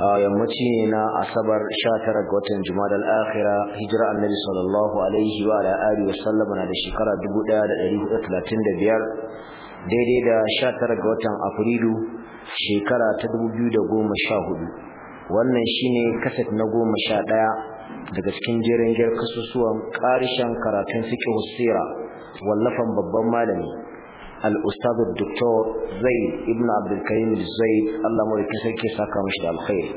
yammaci ne na asabar 19 ga watan jumada al-akhira hijira annabi sallallahu alaihi wa ala alihi wa sallama na da shekara 1435 daidai da 19 ga watan afrilu shekara ta 2014 wannan shine kaset na 11 daga cikin jerin gyar kasusuwan karishan karatun fiqh sirra wallafan babban malami al-ustad al-doktor zaid ibn abdul Zai, zaid Allah kisar rike ke saka da alkhairi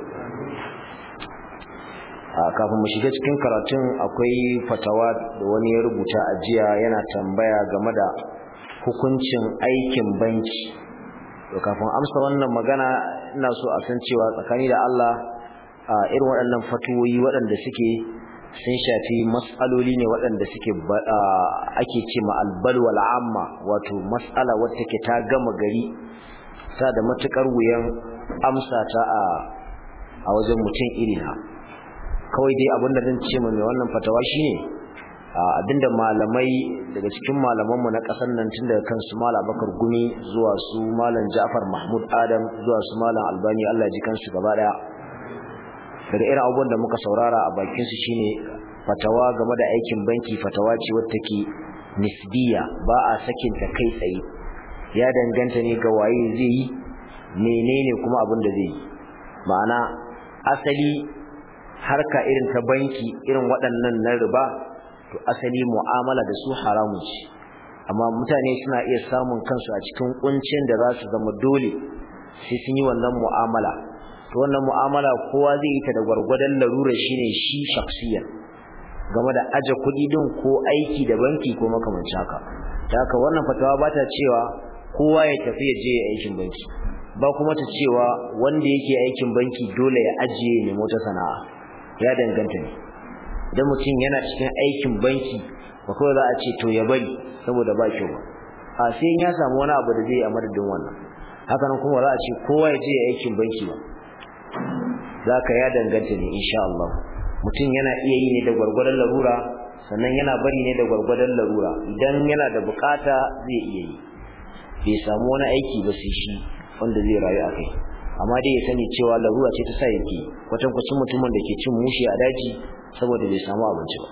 kafin mu shiga cikin karatun akwai fatawa da wani ya rubuta a jiya yana tambaya game da hukuncin aikin banki to kafin amsa wannan magana ina so a san cewa tsakani da Allah irin waɗannan fatuwoyi waɗanda suke sun shafi matsaloli ne waɗanda suke ake ce ma albalwal amma wato matsala wata ke ta gama gari ta da matukar wuyan amsa ta a wajen mutum irina kawai dai abinda zan ce mai wannan fatawa shi ne? abinda malamai daga cikin malamanmu na ƙasar nan tun daga kan su malam bakar gumi zuwa su malam ja'far mahmud adam zuwa su malam albani allah ji kansu gaba daya daga irin abubuwan da muka saurara a bakin su shine fatawa game da aikin banki fatawa ce wadda ke nisbiya ba a sakin ta kai tsaye ya danganta ne ga waye zai yi menene kuma abin da zai yi ma'ana asali harka irin ta banki irin waɗannan na riba to asali mu'amala da su haramun ce amma mutane suna iya samun kansu a cikin kuncin da za su zama dole sai sun yi wannan mu'amala to wannan mu'amala kowa zai yi ta da gwargwadon larura shine shi shakhsiya game da aje kuɗi din ko aiki da banki ko makamancin haka ta haka wannan fatawa ba ta cewa kowa ya tafi ya je ya aikin banki ba kuma ta cewa wanda yake aikin banki dole ya ajiye ne mota sana'a ya danganta ne idan mutum yana cikin aikin banki ba kawai za a ce to ya bari saboda ba kyau ba a sai ya samu wani abu da zai yi a madadin wannan haka nan kuma za a ce kowa ya je ya aikin banki ba zaka ya danganta ne insha Allah mutum yana iya yi ne da gwargwadon larura sannan yana bari ne da gwargwadon larura idan yana da bukata zai iya yi bai samu wani aiki ba sai shi wanda zai rayu a kai amma dai ya sani cewa larura ce ta sa yake kwatankwacin mutumin da ke cin mushi a daji saboda bai samu abinci ba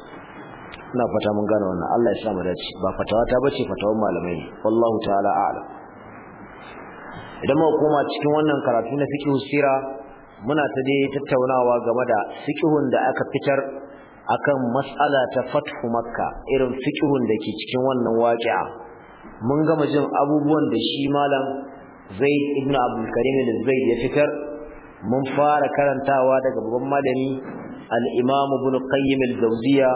ina fata mun gane wannan Allah ya sa mu dace ba fatawa ta bace fatawar malamai ne wallahu ta'ala a'lam idan muka koma cikin wannan karatu na fiqh sirah muna ta dai tattaunawa game da fiqhun da aka fitar akan mas'ala ta fathu makka irin fiqhun da ke cikin wannan waqi'a mun gama jin abubuwan da shi malam Zaid ibn Abdul Karim al-Zaid ya fitar mun fara karantawa daga babban malami al-Imam Ibn Qayyim al-Jawziya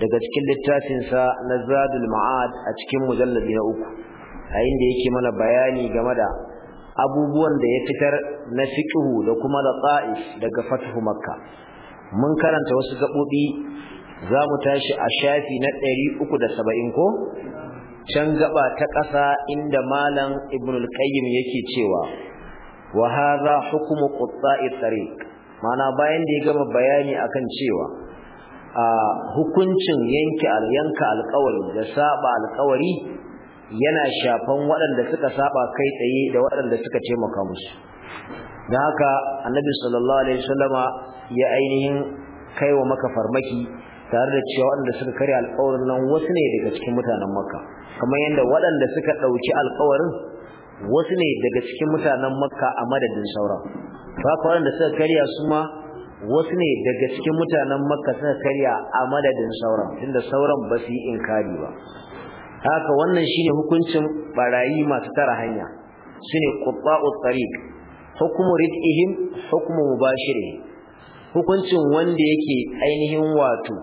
daga cikin littafin sa na Zadul Ma'ad a cikin mujallabi na uku a inda yake mana bayani game da abubuwan da ya fitar na fiqhu da kuma qa'is daga fathu makka mun karanta wasu gabobi zamu tashi a shafi na 370 ko can gaba ta ƙasa inda malam ibn al-qayyim yake cewa wa hadha hukmu qutta'i tariq mana bayan da ya gama bayani akan cewa a hukuncin yanke alyanka alƙawari da saba alƙawari yana shafan waɗanda suka saba kai tsaye da waɗanda suka taimaka musu Da haka annabi sallallahu alaihi wasallama ya ainihin kai wa maka farmaki tare da cewa waɗanda suka karya alƙawarin nan wasu ne daga cikin mutanen makka kamar yadda waɗanda suka ɗauki alƙawarin wasu ne daga cikin mutanen makka a madadin sauran haka waɗanda suka karya su ma wasu ne daga cikin mutanen makka suka karya a madadin sauran inda sauran ba su yi inkari ba haka wannan shine hukuncin barayi masu tara hanya sune qubba'ut tariq hukumu rid'ihim hukumu mubashirihim hukuncin wanda yake ainihin wato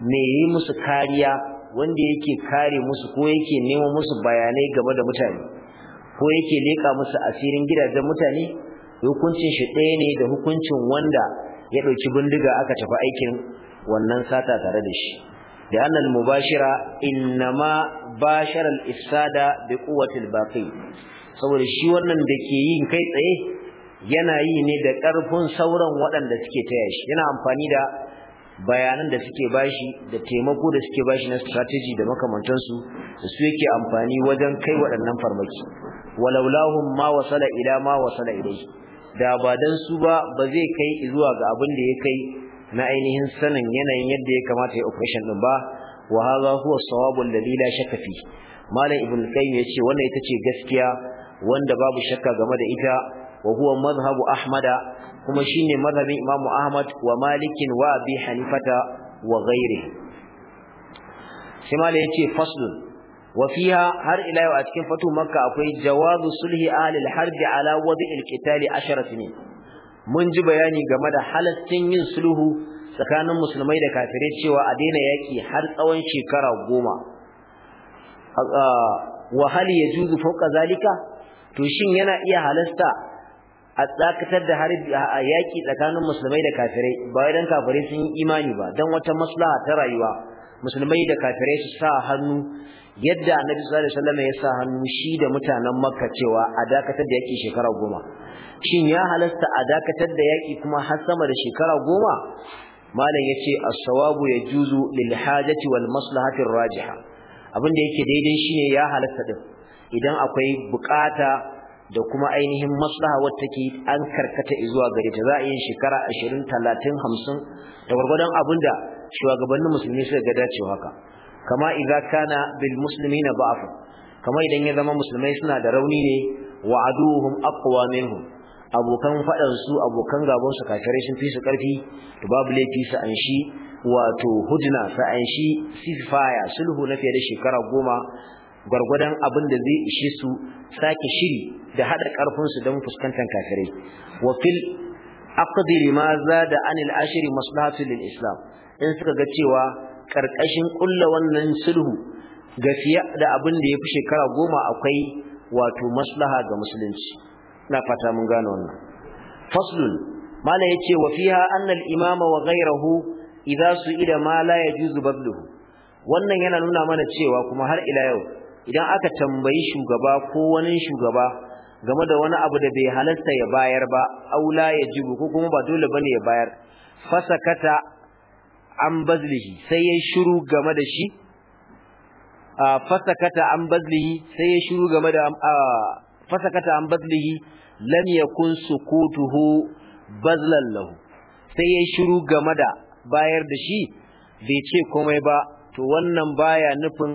me yi musu kariya wanda yake kare musu ko yake nemo musu bayanai game da mutane ko yake leka musu asirin gidajen mutane hukuncin shi ɗaya ne da hukuncin wanda ya ɗauki bindiga aka tafi aikin wannan sata tare da shi da annal mubashira innama bashara al da bi quwwati saboda shi wannan da ke yin kai tsaye yana yi ne da ƙarfin sauran waɗanda suke taya shi yana amfani da bayanan da suke bashi da taimako da suke bashi na strategy da makamantansu da su yake amfani wajen kai waɗannan farmaki walaulahun ma wasala ila ma wasala da ba don su ba ba zai kai zuwa ga abin da ya kai na ainihin sanin yanayin yadda ya kamata ya operation din ba wa hadha huwa sawabu alladhi la shakka fi malam ibn qayyim yace wannan ita ce gaskiya wanda babu shakka game da ita wa huwa madhhabu ahmada kuma shine madhhabin imam ahmad wa malik wa abi hanifata wa ghairi sai yace faslun wa fiha har ila yau a cikin fatu makka akwai jawazu sulhi ahli al-harbi ala wadi al-qitali 10 sinin mun ji bayani game da halaccin yin sulhu tsakanin musulmai da kafirai cewa a daina yaki har tsawon shekara goma wa hal yajuzu fawqa zalika to shin yana iya halasta a tsakatar da har yaki tsakanin musulmai da kafirai ba wai dan kafirai sun yi imani ba dan wata maslaha ta rayuwa musulmai da kafirai su sa hannu yadda annabi sallallahu alaihi wasallam ya sa hannu shi da mutanen makka cewa a dakatar da yaki shekara goma shin ya halasta a dakatar da yaki kuma har sama da shekara goma malam ya ce sawabu ya juzu lilhajati wal maslahati rajiha abin da yake daidai shine ya halasta din idan akwai bukata da kuma ainihin maslaha wacce take an karkata zuwa gare ta za a yi shekara 20 30 hamsin da gurgurdan abinda shugabannin musulmi suka ga dacewa haka kama idza kana bil muslimina ba'af kama idan ya zama musulmai suna da rauni ne wa aduhum aqwa minhum abokan faɗan su abokan gaban su kafirai sun fi su ƙarfi to babu laifi su an shi wato hudna su an shi sifaya sulhu na fiye da shekara goma gwargwadon abin da zai ishe su sake shiri da haɗa karfin su don fuskantar kafirai wa fil maza da zada anil ashri maslahatu lil islam in suka ga cewa karkashin ƙulla wannan sulhu gafiya da abin da fi shekara goma akwai wato maslaha ga musulunci na fata mun gane wannan faslun mala yace wa fiha anna al-imama wa ghayruhu idza su'ida ma la yajuzu badluhu wannan yana nuna mana cewa kuma har ila yau idan aka tambayi shugaba ko wani shugaba game da wani abu da bai halasta ya bayar ba aula ya jibu ko kuma ba dole bane ya bayar fasakata an bazlihi sai ya shiru game da shi fasakata an bazlihi sai ya shiru game da fasakata an bazlihi lam yakun sukutuhu bazlan lahu sai yayi shiru game da bayar da shi bai ce komai ba to wannan baya nufin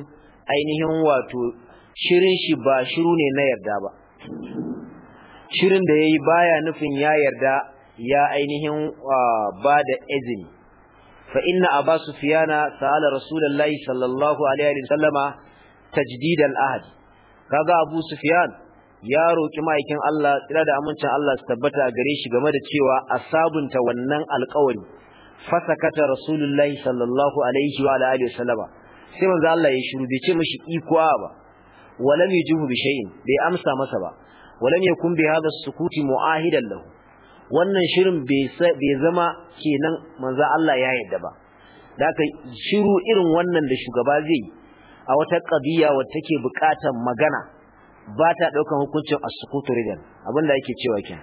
ainihin wato shirin shi ba shiru ne na yarda ba shirin da yayi baya nufin ya yarda ya ainihin ba da izini fa inna aba Sufiyana sa'ala rasulullahi sallallahu alaihi wasallama tajdid al-ahd kaga abu sufyan ya roƙi ma'aikin Allah tsira da amincin Allah su tabbata gare shi game da cewa a sabunta wannan alƙawari fasakata rasulullahi sallallahu alaihi wa alihi wasallama sai manzo Allah ya shiru bai ce mishi ikuwa ba walam yujibu bi shay'in bai amsa masa ba walam yakun bi hadha sukuti mu'ahidan lahu wannan shirin bai zama kenan manzo Allah ya yarda ba da shiru irin wannan da shugaba zai a wata kabiya wacce take bukatar magana ba ta daukan hukuncin as-sukutu ridan abinda ake cewa kin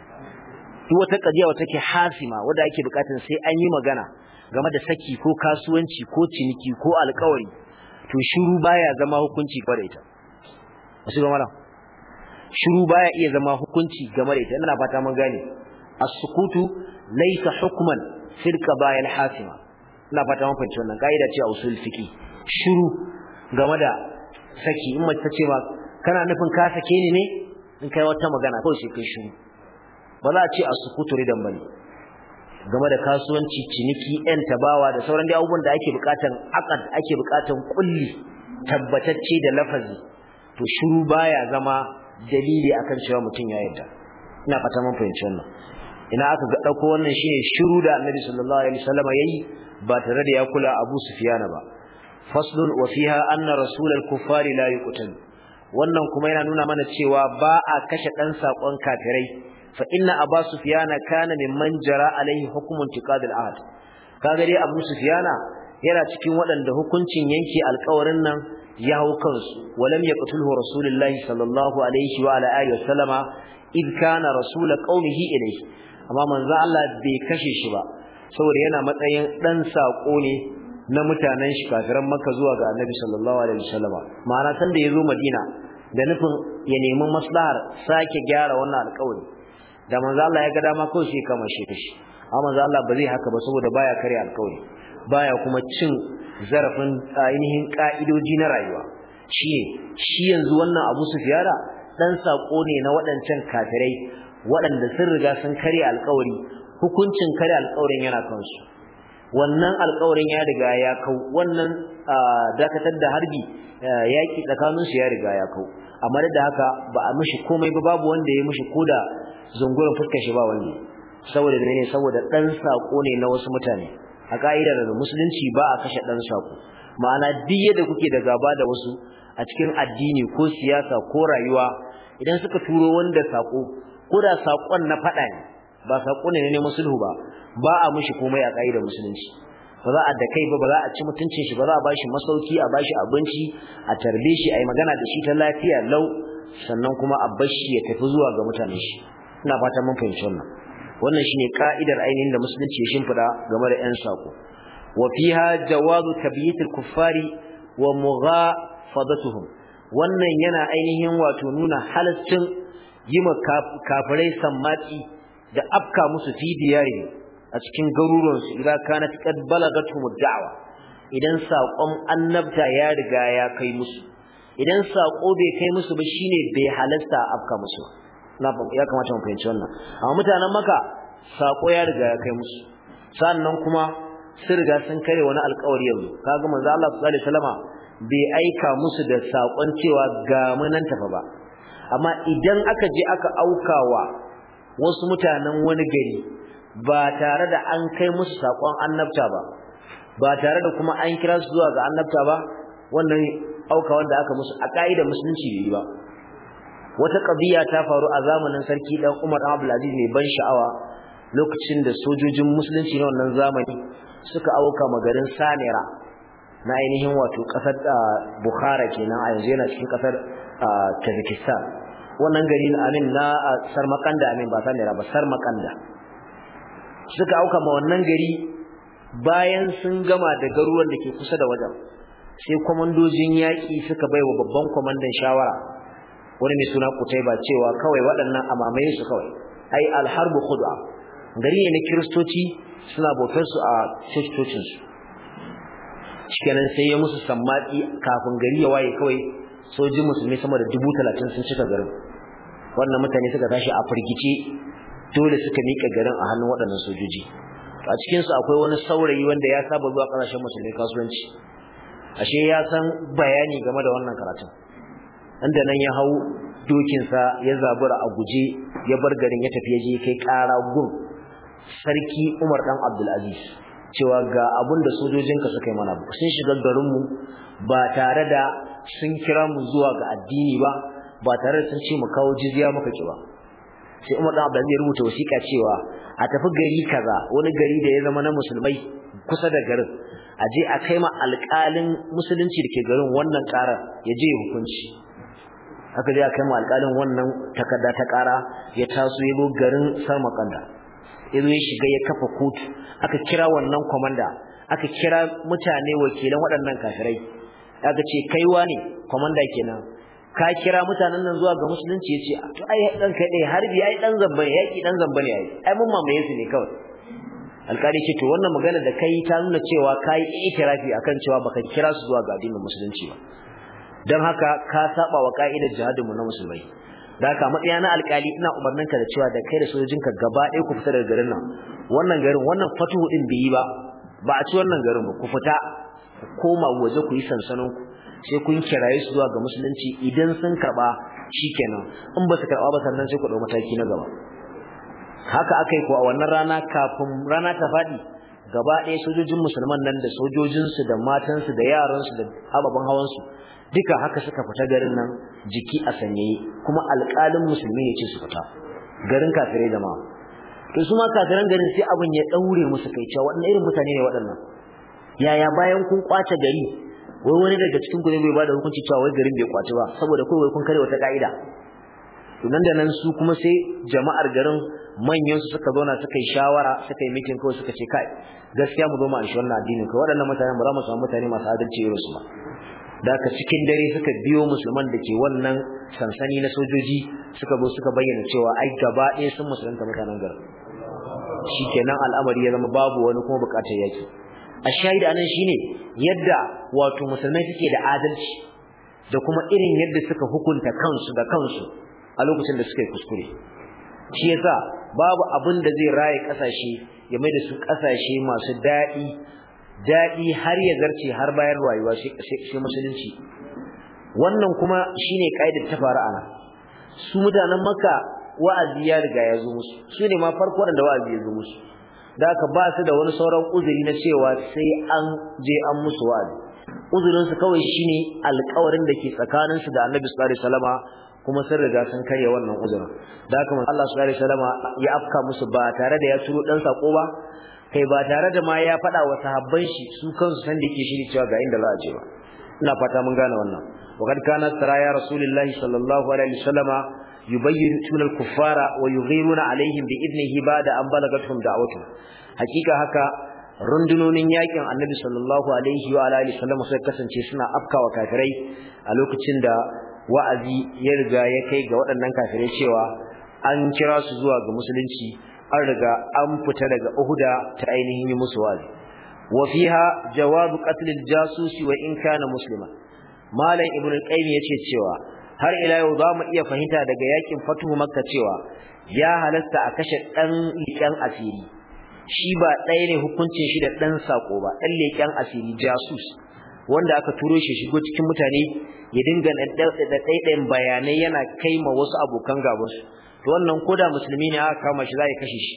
duk wata kadiya wata ke hasima wanda ake bukatun sai an yi magana game da saki ko kasuwanci ko ciniki ko alƙawari to shiru baya zama hukunci ga ita wasu ga malam shiru baya iya zama hukunci game da ita ina fata mun gane as-sukutu laysa hukman fil qadaya hasima ina fata mun fahimci wannan kaida ce a usul fiqi shiru game da saki in mace ta ce ba. kana nufin ka sake ni ne in kai wata magana kawai sai kai shiru ba za a ce a sukutu ridan bane game da kasuwanci ciniki yan tabawa da sauran dai abubuwan da ake bukatan aqad ake bukatan kulli tabbatacce da lafazi to shiru baya zama dalili akan cewa mutum ya yarda ina fata mun fahimci wannan ina aka ga dauko wannan shine shiru da Annabi sallallahu alaihi wasallam yayi ba tare da ya kula Abu Sufyan ba faslun wa fiha anna rasulal kuffari la yuqtalu wannan kuma yana nuna mana cewa ba a kashe dan sakon kafirai fa inna abu sufyana kana mimman jara alaihi hukumun tiqad ahd kaga dai abu sufyana yana cikin waɗanda hukuncin yanke alƙawarin nan ya hau kansu walam yaqtulhu rasulullahi sallallahu alaihi wa ala alihi wasallama id kana rasul qaumihi ilayhi amma manzo Allah bai kashe shi ba saboda yana matsayin dan sako ne na mutanen shi kafiran makka zuwa ga annabi sallallahu alaihi wasallam ma'ana san da yazo madina da nufin ya nemi maslahar sake gyara wannan alƙawari da manzo Allah ya ga dama ko shi kama shi kashi amma manzo Allah ba zai haka ba saboda baya kare alƙawari baya kuma cin zarafin ainihin ka'idoji na rayuwa shi shi yanzu wannan Abu Sufyana dan sako ne na waɗancan kafirai waɗanda sun riga sun karya alƙawari hukuncin karya alƙawarin yana kansu wannan alƙawarin ya riga ya kau wannan dakatar da harbi yaƙi tsakaninsu ya riga ya kau amma da haka ba a mishi komai ba babu wanda ya mishi koda zungurin fuskar shi ba wanda saboda ne saboda dan sako ne na wasu mutane a ka'idar musulunci ba a kashe dan sako ma'ana duk da kuke da gaba da wasu a cikin addini ko siyasa ko rayuwa idan suka turo wanda sako ko sakon na fada ne ba sako ne na neman sulhu ba ba a mishi komai a ƙa'idar musulunci ba za a da kai ba ba za a ci mutuncin shi ba za a bashi masauki a bashi abinci a tarbe shi a yi magana da shi ta lafiya lau sannan kuma a bashi ya tafi zuwa ga mutanen shi ina fatan mun fahimci wannan wannan shine ka'idar ainihin da musulunci ya shimfida game da yan sako wa fiha jawazu tabyit al-kuffari wa mughafadatuhum wannan yana ainihin wato nuna halaccin yima kafirai sammati da afka musu fi diyari a cikin garuruwansu idan kana qad balagathum dawa idan saƙon annabta ya riga ya kai musu idan saƙo bai kai musu ba shine bai halasta afka musu na ya kamata mu fahimci wannan amma mutanen maka saƙo ya riga ya kai musu sannan kuma su riga sun kare wani alƙawari yanzu kaga manzo Allah sallallahu alaihi wasallama bai aika musu da saƙon cewa ga mu nan tafa ba amma idan aka je aka aukawa wasu mutanen wani gari ba tare da an kai musu sakon annabta ba ba tare da kuma an kira su zuwa ga annabta ba wannan auka wanda aka musu a kaida musulunci ne ba wata qadiya ta faru a zamanin sarki dan Umar Abdul Aziz mai ban sha'awa lokacin da sojojin musulunci na wannan zamani suka auka magarin Samira na ainihin wato kasar Bukhara kenan a yanzu yana cikin kasar Tajikistan wannan gari na Amin na Sarmakanda Amin ba Samira ba Sarmakanda suka auka ma wannan gari bayan sun gama da garuruwan da ke kusa da wajen sai kwamandojin yaƙi suka bai wa babban kwamandan shawara wani mai suna ba cewa kawai waɗannan a su kawai ai alharbu khudwa gari ne na kiristoci suna bautar su a cocin su shikenan sai ya musu sammaki kafin gari ya waye kawai sojin musulmi sama da dubu talatin sun cika garin wannan mutane suka tashi a firgice dole suka miƙa garin a hannun waɗannan sojoji a cikin su akwai wani saurayi wanda ya saba zuwa ƙasashen musulmi kasuwanci ashe ya san bayani game da wannan karatun inda nan ya hau dokinsa ya zabura a guje ya bar garin ya tafi ya je kai ƙara gun sarki Umar dan Abdulaziz cewa ga abin da sojojinka suka yi mana sun shiga garinmu ba tare da sun kira mu zuwa ga addini ba ba tare da sun ce mu kawo jizya muka ki ba sai Umar dan Abdulaziz ya rubuta wasiƙa cewa a tafi gari kaza wani gari da ya zama na musulmai kusa da garin a je a kai ma alƙalin musulunci da ke garin wannan ƙara ya je hukunci aka je a kai ma alƙalin wannan takarda ta ƙara ya taso ya garin Sarmakanda ya zo ya shiga ya kafa kotu aka kira wannan komanda aka kira mutane wakilan waɗannan kafirai aka ce kaiwa ne komanda kenan ka kira mutanen nan zuwa ga musulunci ce, to ai dan kai dai harbi ai dan zamba ne yi, dan zamba ne ai ai mun mamaye su ne kawai alƙali ce to wannan magana da kai ta nuna cewa kai ikirafi akan cewa baka kira su zuwa ga addinin musulunci ba dan haka ka saba wa ka'idar jihadin mu na musulmai da haka matsaya na alƙali ina umarnin ka da cewa da kai da ka gaba ɗaya ku fita daga garin nan wannan garin wannan fatuhu din bai yi ba ba a ci wannan garin ba ku fita ku koma waje ku yi sansanin ku sai kun kiraye su zuwa ga musulunci idan sun karba shikenan in ba su karba ba sannan sai ku dau mataki na gaba haka akai ko a wannan rana kafin rana ta fadi gaba ɗaya sojojin musulman nan da sojojinsu da matansu da yaransu da hawan hawansu duka haka suka fita garin nan jiki a sanyaye kuma alƙalin musulmi ne ce su fita garin kafire da ma to su ma kafiran garin sai abin ya ɗaure musu kai cewa waɗannan irin mutane ne waɗannan yaya bayan kun kwace gari wai wani daga cikin ku ne bai bada hukunci cewa wai garin bai kwaci ba saboda ko wai kun kare wata ka'ida to nan da nan su kuma sai jama'ar garin manyan su suka zauna suka yi shawara suka yi meeting kawai suka ce kai gaskiya mu zo mu alshi wannan addinin kai waɗannan mutane ba za mu samu mutane masu adalci irin su ba da ka cikin dare suka biyo musulman da ke wannan sansani na sojoji suka zo suka bayyana cewa ai gaba ɗaya sun musulunta mutanen garin shikenan al'amari ya zama babu wani kuma bukatar yaki a shahida anan shine yadda wato musulmai suke da adalci da kuma irin yadda suka hukunta kansu da kansu a lokacin da suka yi kuskure shi yasa babu abin da zai raye kasashe ya mai da su kasashe masu daɗi daɗi har ya zarce har bayan rayuwa sai musulunci wannan kuma shine kaidar ta faru nan, su mutanen maka wa'azi ya riga ya zo musu shine ma farko da wa'azi ya zo musu da ka ba su da wani sauran uzuri na cewa sai an je an musu wa'azi uzurin su kawai shine alƙawarin da ke tsakanin su da Annabi sallallahu alaihi wasallama kuma sun riga sun karya wannan uzurin da haka Allah sallallahu alaihi wasallama ya afka musu ba tare da ya turo dan sako ba kai ba tare da ma ya faɗa wa sahabban shi su kansu san da ke shiri cewa ga inda za a je ba ina fata mun gane wannan wa kad kana saraya rasulullahi sallallahu alaihi wasallama yubayyituna al-kuffara wa yughiruna alaihim bi idnihi ba'da an balagatuhum da'watuhum hakika haka rundunonin yakin annabi sallallahu alaihi wa alihi sallam sai kasance suna afkawa kafirai a lokacin da wa'azi ya riga ya kai ga waɗannan kafirai cewa an kira su zuwa ga musulunci an riga an fita daga Uhuda ta ainihin yi musu wa'azi wa fiha jawabu qatl al-jasusi wa in kana muslima malam ibnu qayyim yace cewa har ila yau za mu iya fahimta daga yakin fatuhu makka cewa ya halasta a kashe ɗan leƙen asiri shi ba ɗaya ne hukuncin shi da ɗan sako ba ɗan leƙen asiri jasus wanda aka turo shi shigo cikin mutane ya dinga da ɗaiɗayin bayanai yana kai ma wasu abokan su. to wannan koda musulmi ne aka kama shi za ya kashe shi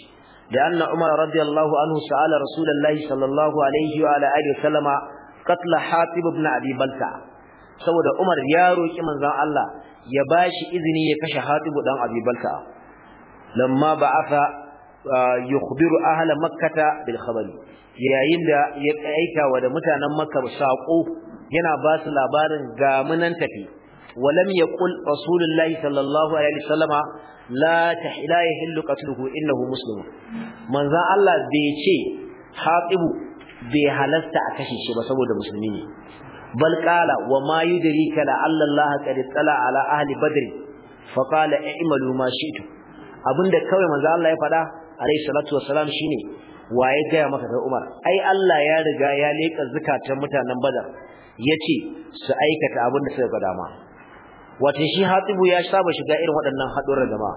da anna umar radiyallahu anhu sa'ala rasulullahi sallallahu alaihi wa alihi wa sallama qatla hatib ibn abi balta saboda Umar ya roki manzon Allah ya bashi izini ya kashe Hatib dan Abi Balta'a lamma ba'atha uh, yukhbiru ahla makkata bil khabari yayin da ya aika wa da mutanen makka sako yana ba su labarin ga munan tafi walam yaqul rasulullahi sallallahu alaihi wasallama la tahila yahillu qatluhu innahu muslim manzon Allah bai ce Hatibu bai halasta a kashe shi ba saboda musulmi ne bal qala wa ma yudrika la alla Allah qad tala ala ahli Badri fa qala i'malu ma abinda kawai manzo Allah ya faɗa alayhi salatu wassalam shine waye gaya maka kai Umar ai Allah ya riga ya leka zakatan mutanen Badar yace su aikata abinda suka ga dama wato shi Hatibu ya saba shiga irin waɗannan haɗurran jama'a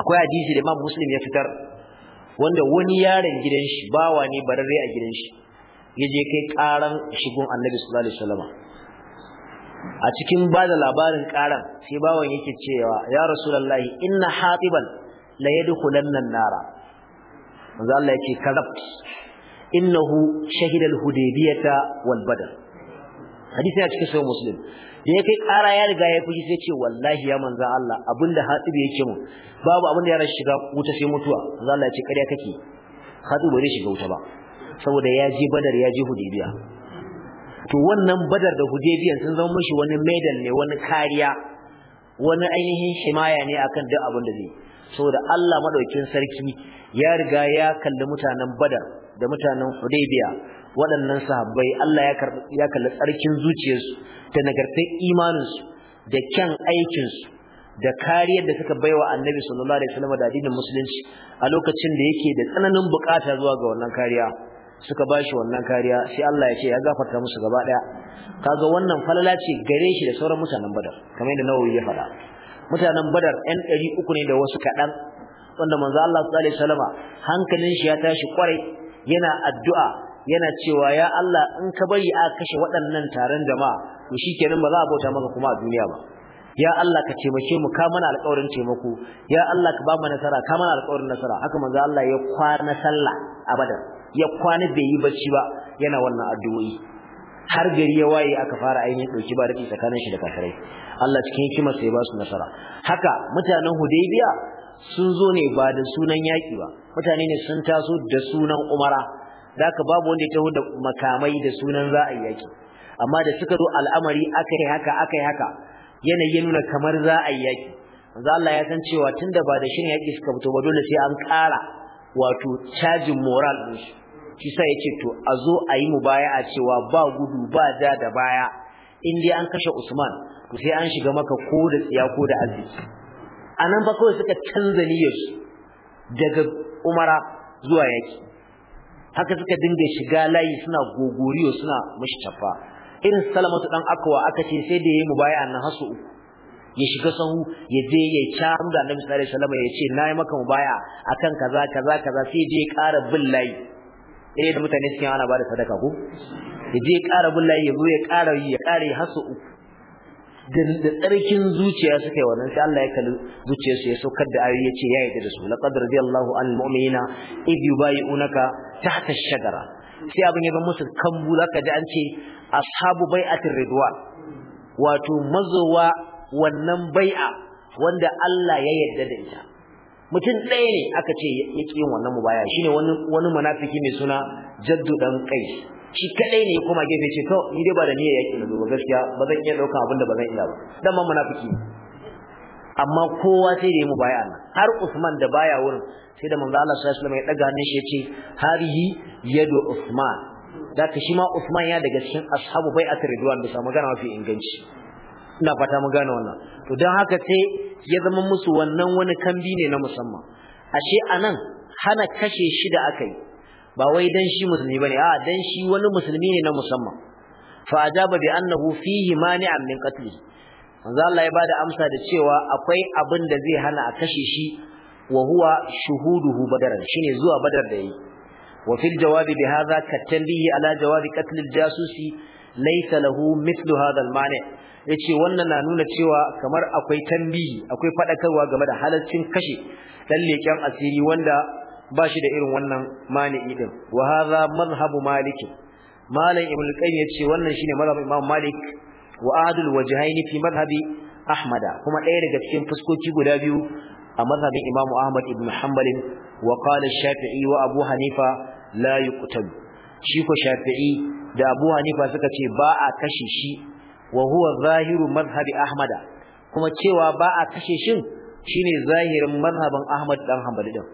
akwai hadisi da Imam Muslim ya fitar wanda wani yaron gidan shi bawa ne bararre a gidan shi je kai karan shigun annabi sallallahu alaihi wasallam a cikin ba da labarin karan sai bawan yake cewa ya rasulullahi inna hatiban la yadkhulanna an-nara manzo Allah yake karabt innahu shahida al-hudaybiyata wal badr hadisi a cikin sahih muslim da ya kai kara ya riga ya fushi sai ce wallahi ya manzo Allah abinda hatibi yake mun babu abinda ya shiga wuta sai mutuwa manzo Allah ya kariya kake hatibi bai shiga wuta ba saboda ya je badar ya je hudibiya to wannan badar da hudibiyan sun zama mishi wani medal ne wani kariya wani ainihin himaya ne akan duk abin da zai saboda Allah madaukin sarki ya riga ya kalli mutanen badar da mutanen hudibiya waɗannan sahabbai Allah ya ya kalli tsarkin zuciyarsu da nagartar imaninsu da kyan aikinsu da kariyar da suka baiwa Annabi sallallahu alaihi wasallam da addinin musulunci a lokacin da yake da tsananin bukata zuwa ga wannan kariya suka ba shi wannan kariya sai Allah ya ce ya gafarta musu gaba daya kaga wannan falala ce gare shi da sauran mutanen Badar kamar yadda Nawawi ya fada mutanen Badar ɗan 300 ne da wasu kaɗan wanda manzo Allah sallallahu alaihi wasallama hankalin shi ya tashi kwarai yana addu'a yana cewa ya Allah in ka bari a kashe waɗannan taron jama'a to shikenan ba za a bauta maka kuma a duniya ba ya Allah ka taimake mu ka mana alƙawarin taimako ya Allah ka ba mu nasara ka mana alƙawarin nasara haka manzo Allah ya kwana sallah a Badar ya kwana bai yi bacci ba yana wannan addu'o'i har gari ya waye aka fara ainihin dauki ba rabi tsakanin shi da kafirai Allah cikin hikimar sa ya ba su nasara haka mutanen Hudaybiya sun zo ne ba da sunan yaki ba mutane ne sun taso da sunan Umara da haka babu wanda ya taho da makamai da sunan za a yaki amma da suka zo al'amari aka yi haka aka yi haka yanayi ya nuna kamar za a yi yaki manzo Allah ya san cewa tunda ba da shirin yaki suka fito ba dole sai an ƙara wato cajin moral din shi shi sa ce to a zo a yi mubaya'a cewa ba gudu ba ja da baya in dai an kashe Usman to sai an shiga maka ko da tsiya ko da arziki anan ba kawai suka canza niyyar daga Umara zuwa yaki haka suka dinga shiga layi suna gogoriyo suna tafa irin Salamatu dan Akwa aka ce sai da yayi mubaya'a nan hasu ya shiga sahu ya je ya ca da Annabi sallallahu alaihi wasallam ya ce nayi maka mubaya akan kaza kaza kaza sai je ƙara bin layi eh da mutane suke ana bada sadaka ko yaje ya ƙara bullahi ya zo ya ƙara yi ya ƙare hasu uku da tsarkin zuciya suka yi wannan sai Allah ya kalli zuciyarsu ya saukar da ayoyi yace ya yi da su laqad radiyallahu anil mu'minina id yubayi'unaka tahta ash-shajara sai abin ya zama musu kambu zaka ji an ce ashabu bai'atir ridwan wato mazowa wannan bai'a wanda Allah ya yarda da ita mutum ɗaya ne aka ce ya ƙi wannan mubaya Shi ne wani munafiki mai suna jaddu ɗan qais shi kaɗai ne kuma gefe ce to ni dai ba da niyyar yaƙi na zuwa gaskiya ba zan iya ɗaukan abin da ba zan iya ba dan ma munafiki amma kowa sai da ya mubaya nan har Usman da baya wurin sai da manzo Allah sallallahu alaihi wasallam ya daga hannun shi ya ce harihi yadu Usman da ka shi ma Usman ya daga cikin ashabu da ridwan bisa magana mafi inganci ina fata mu gane wannan to don haka sai ya zama musu wannan wani kambi ne na musamman ashe anan hana kashe shi da aka yi ba wai dan shi musulmi bane a dan shi wani musulmi ne na musamman fa ajaba bi annahu fihi mani'an min qatli manzo Allah ya bada amsa da cewa akwai abin da zai hana a kashe shi wa huwa shuhuduhu badaran shine zuwa badar da yi wa fil jawabi bi hadha katambihi ala jawabi qatl al-jasusi laysa lahu mithlu hadha al-mani' yace wannan na nuna cewa kamar akwai tambihi akwai fadakarwa game da halaccin kashe dan leken asiri wanda ba shi da irin wannan mani'i din wa hadha madhhabu malik malam ibn al-qayyim yace wannan shine madhhabin imam malik wa adul wajhayn fi madhhabi ahmada kuma ɗaya daga cikin fuskoki guda biyu a mazhabin imam ahmad ibn hanbal wa qala shafi'i wa abu hanifa la yuqtal shi ko shafi'i da abu hanifa suka ce ba a kashe shi wa huwa zahiru madhhabi ahmada kuma cewa ba a kashe shin shine zahirin madhhabin ahmad dan hanbali din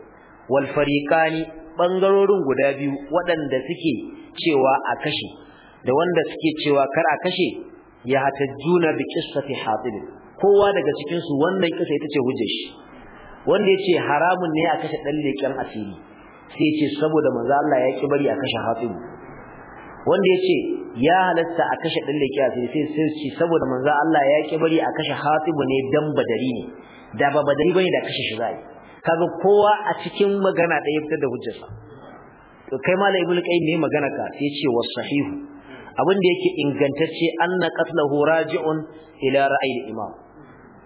wal fariqani bangarorin guda biyu waɗanda suke cewa a kashe da wanda suke cewa kar a kashe ya juna bi qissati hatib kowa daga cikin su wannan kisa ita ce hujjar shi wanda yace haramun ne a kashe dan leken asiri sai yace saboda manzo Allah ya ki bari a kashe hatib wanda yace ya halatta a kashe ɗan da kiyaye sai sai ci saboda manzo Allah ya ki bari a kashe Hatibu ne dan badari ne da ba badari bane da kashe shi zai kaga kowa a cikin magana ɗaya fitar da hujjarsa to kai malam ibnu qayyim ne magana ka sai ce was sahihu abin da yake ingantacce anna qatluhu raji'un ila ra'ayi imam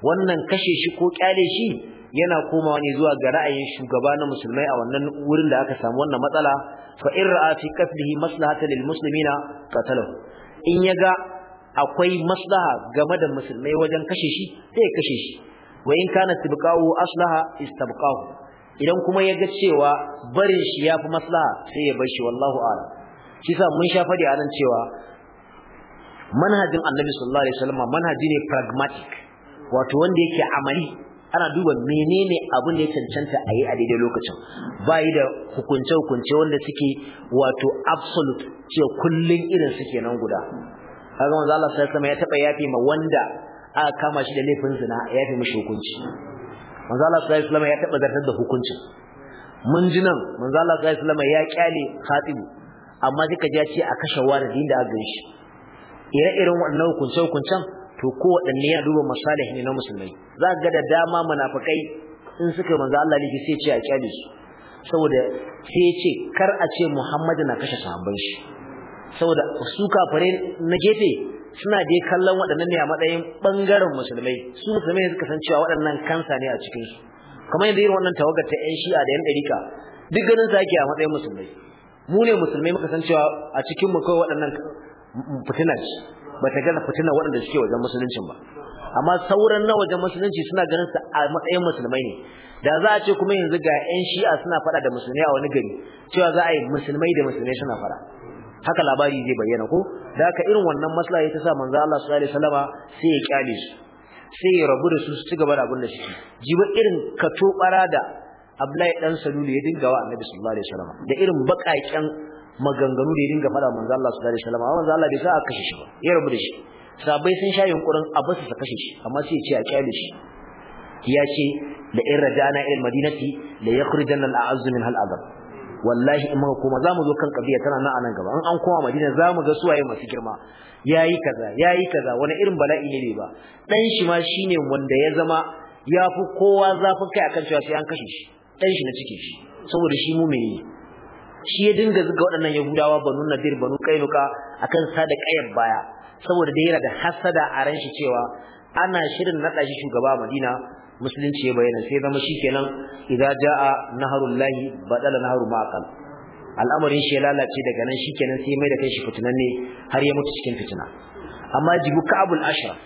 wannan kashe shi ko kyale shi yana komawa ne zuwa ga ra'ayin shugaba na musulmai a wannan wurin da aka samu wannan matsala fa in ra'a fi qatlihi maslahata lil muslimina qatalahu in yaga akwai maslaha game da musulmai wajen kashe shi sai ya kashe shi wa in kana tibqahu aslaha istabqahu idan kuma yaga cewa barin shi yafi maslaha sai ya bar shi wallahu a'lam shi sa mun sha fadi anan cewa manhajin annabi sallallahu alaihi wasallam manhaji ne pragmatic wato wanda yake amali ana duba menene abin da ya cancanta a yi a daidai lokacin bayi da hukunce-hukunce wanda suke wato absolute ce kullum irin suke nan guda haka manzo Allah sai sama ya taba yafi ma wanda aka kama shi da laifin zina ya fi mishi hukunci manzo Allah sai sallama ya taba zartar da hukuncin mun ji nan manzo Allah sai sallama ya kyale khatibu amma duka ya ce a kashe wani da aka gan shi ire-iren wannan hukunce-hukuncen to kowaɗanne ya duba masalih ne na musulmai za ga da dama munafikai in suka manzo Allah ne sai ce a kyale su saboda sai ya ce kar a ce Muhammadu na kashe sahabban shi saboda su kafare na gefe suna da kallon waɗannan ne a matsayin bangaren musulmai su musulmai suka san cewa waɗannan kansa ne a cikin su kamar yadda irin wannan tawagar ta ƴan shi'a da ƴan ɗarika duk ganin sa ake a matsayin musulmai mu ne musulmai muka san cewa a cikin mu kawai waɗannan fitina ce bata gaza fitina waɗanda suke wajen musuluncin ba amma sauran na wajen musulunci suna ganin su a matsayin musulmai ne da za a ce kuma yanzu ga yan shi'a suna faɗa da musulmai a wani gari cewa za a yi musulmai da musulmai suna faɗa haka labari zai bayyana ko da haka irin wannan maslaha ta sa manzo Allah sallallahu alaihi wasallama sai ya kyale su sai ya rabu da su su ci gaba da abin da suke jiba irin bara da Abdullahi dan Salulu ya dinga wa Annabi sallallahu alaihi wasallama da irin baƙaƙen maganganu da ya dinga faɗa manzo Allah sallallahu alaihi A manzo Allah bai sa aka kashe shi ba ya rabu da shi sabai sun sha yunkurin a su kashe shi amma sai ya ce a kyale shi ya ce la in rajana ila madinati la yakhrujanna al-a'azzu min hal-azab wallahi in muka koma zamu zo kan kabiya tana nan anan gaba in an koma madina zamu ga waye masu girma yayi kaza yayi kaza wani irin bala'i ne ne ba dan shi ma shine wanda ya zama ya fi kowa zafin kai akan cewa sai an kashe shi dan shi na ciki shi saboda shi mu meye shi ya dinga zuga waɗannan yahudawa banu nadir banu kainuka akan sada kayan baya saboda da yana da hasada a ran shi cewa ana shirin nada shi shugaba madina musulunci ya bayyana sai zama shikenan idza jaa naharullahi badala naharu maqal al'amarin shi ya lalace daga nan shikenan sai mai da kai shi ne har ya mutu cikin fitina amma jibu ka'abul ashraf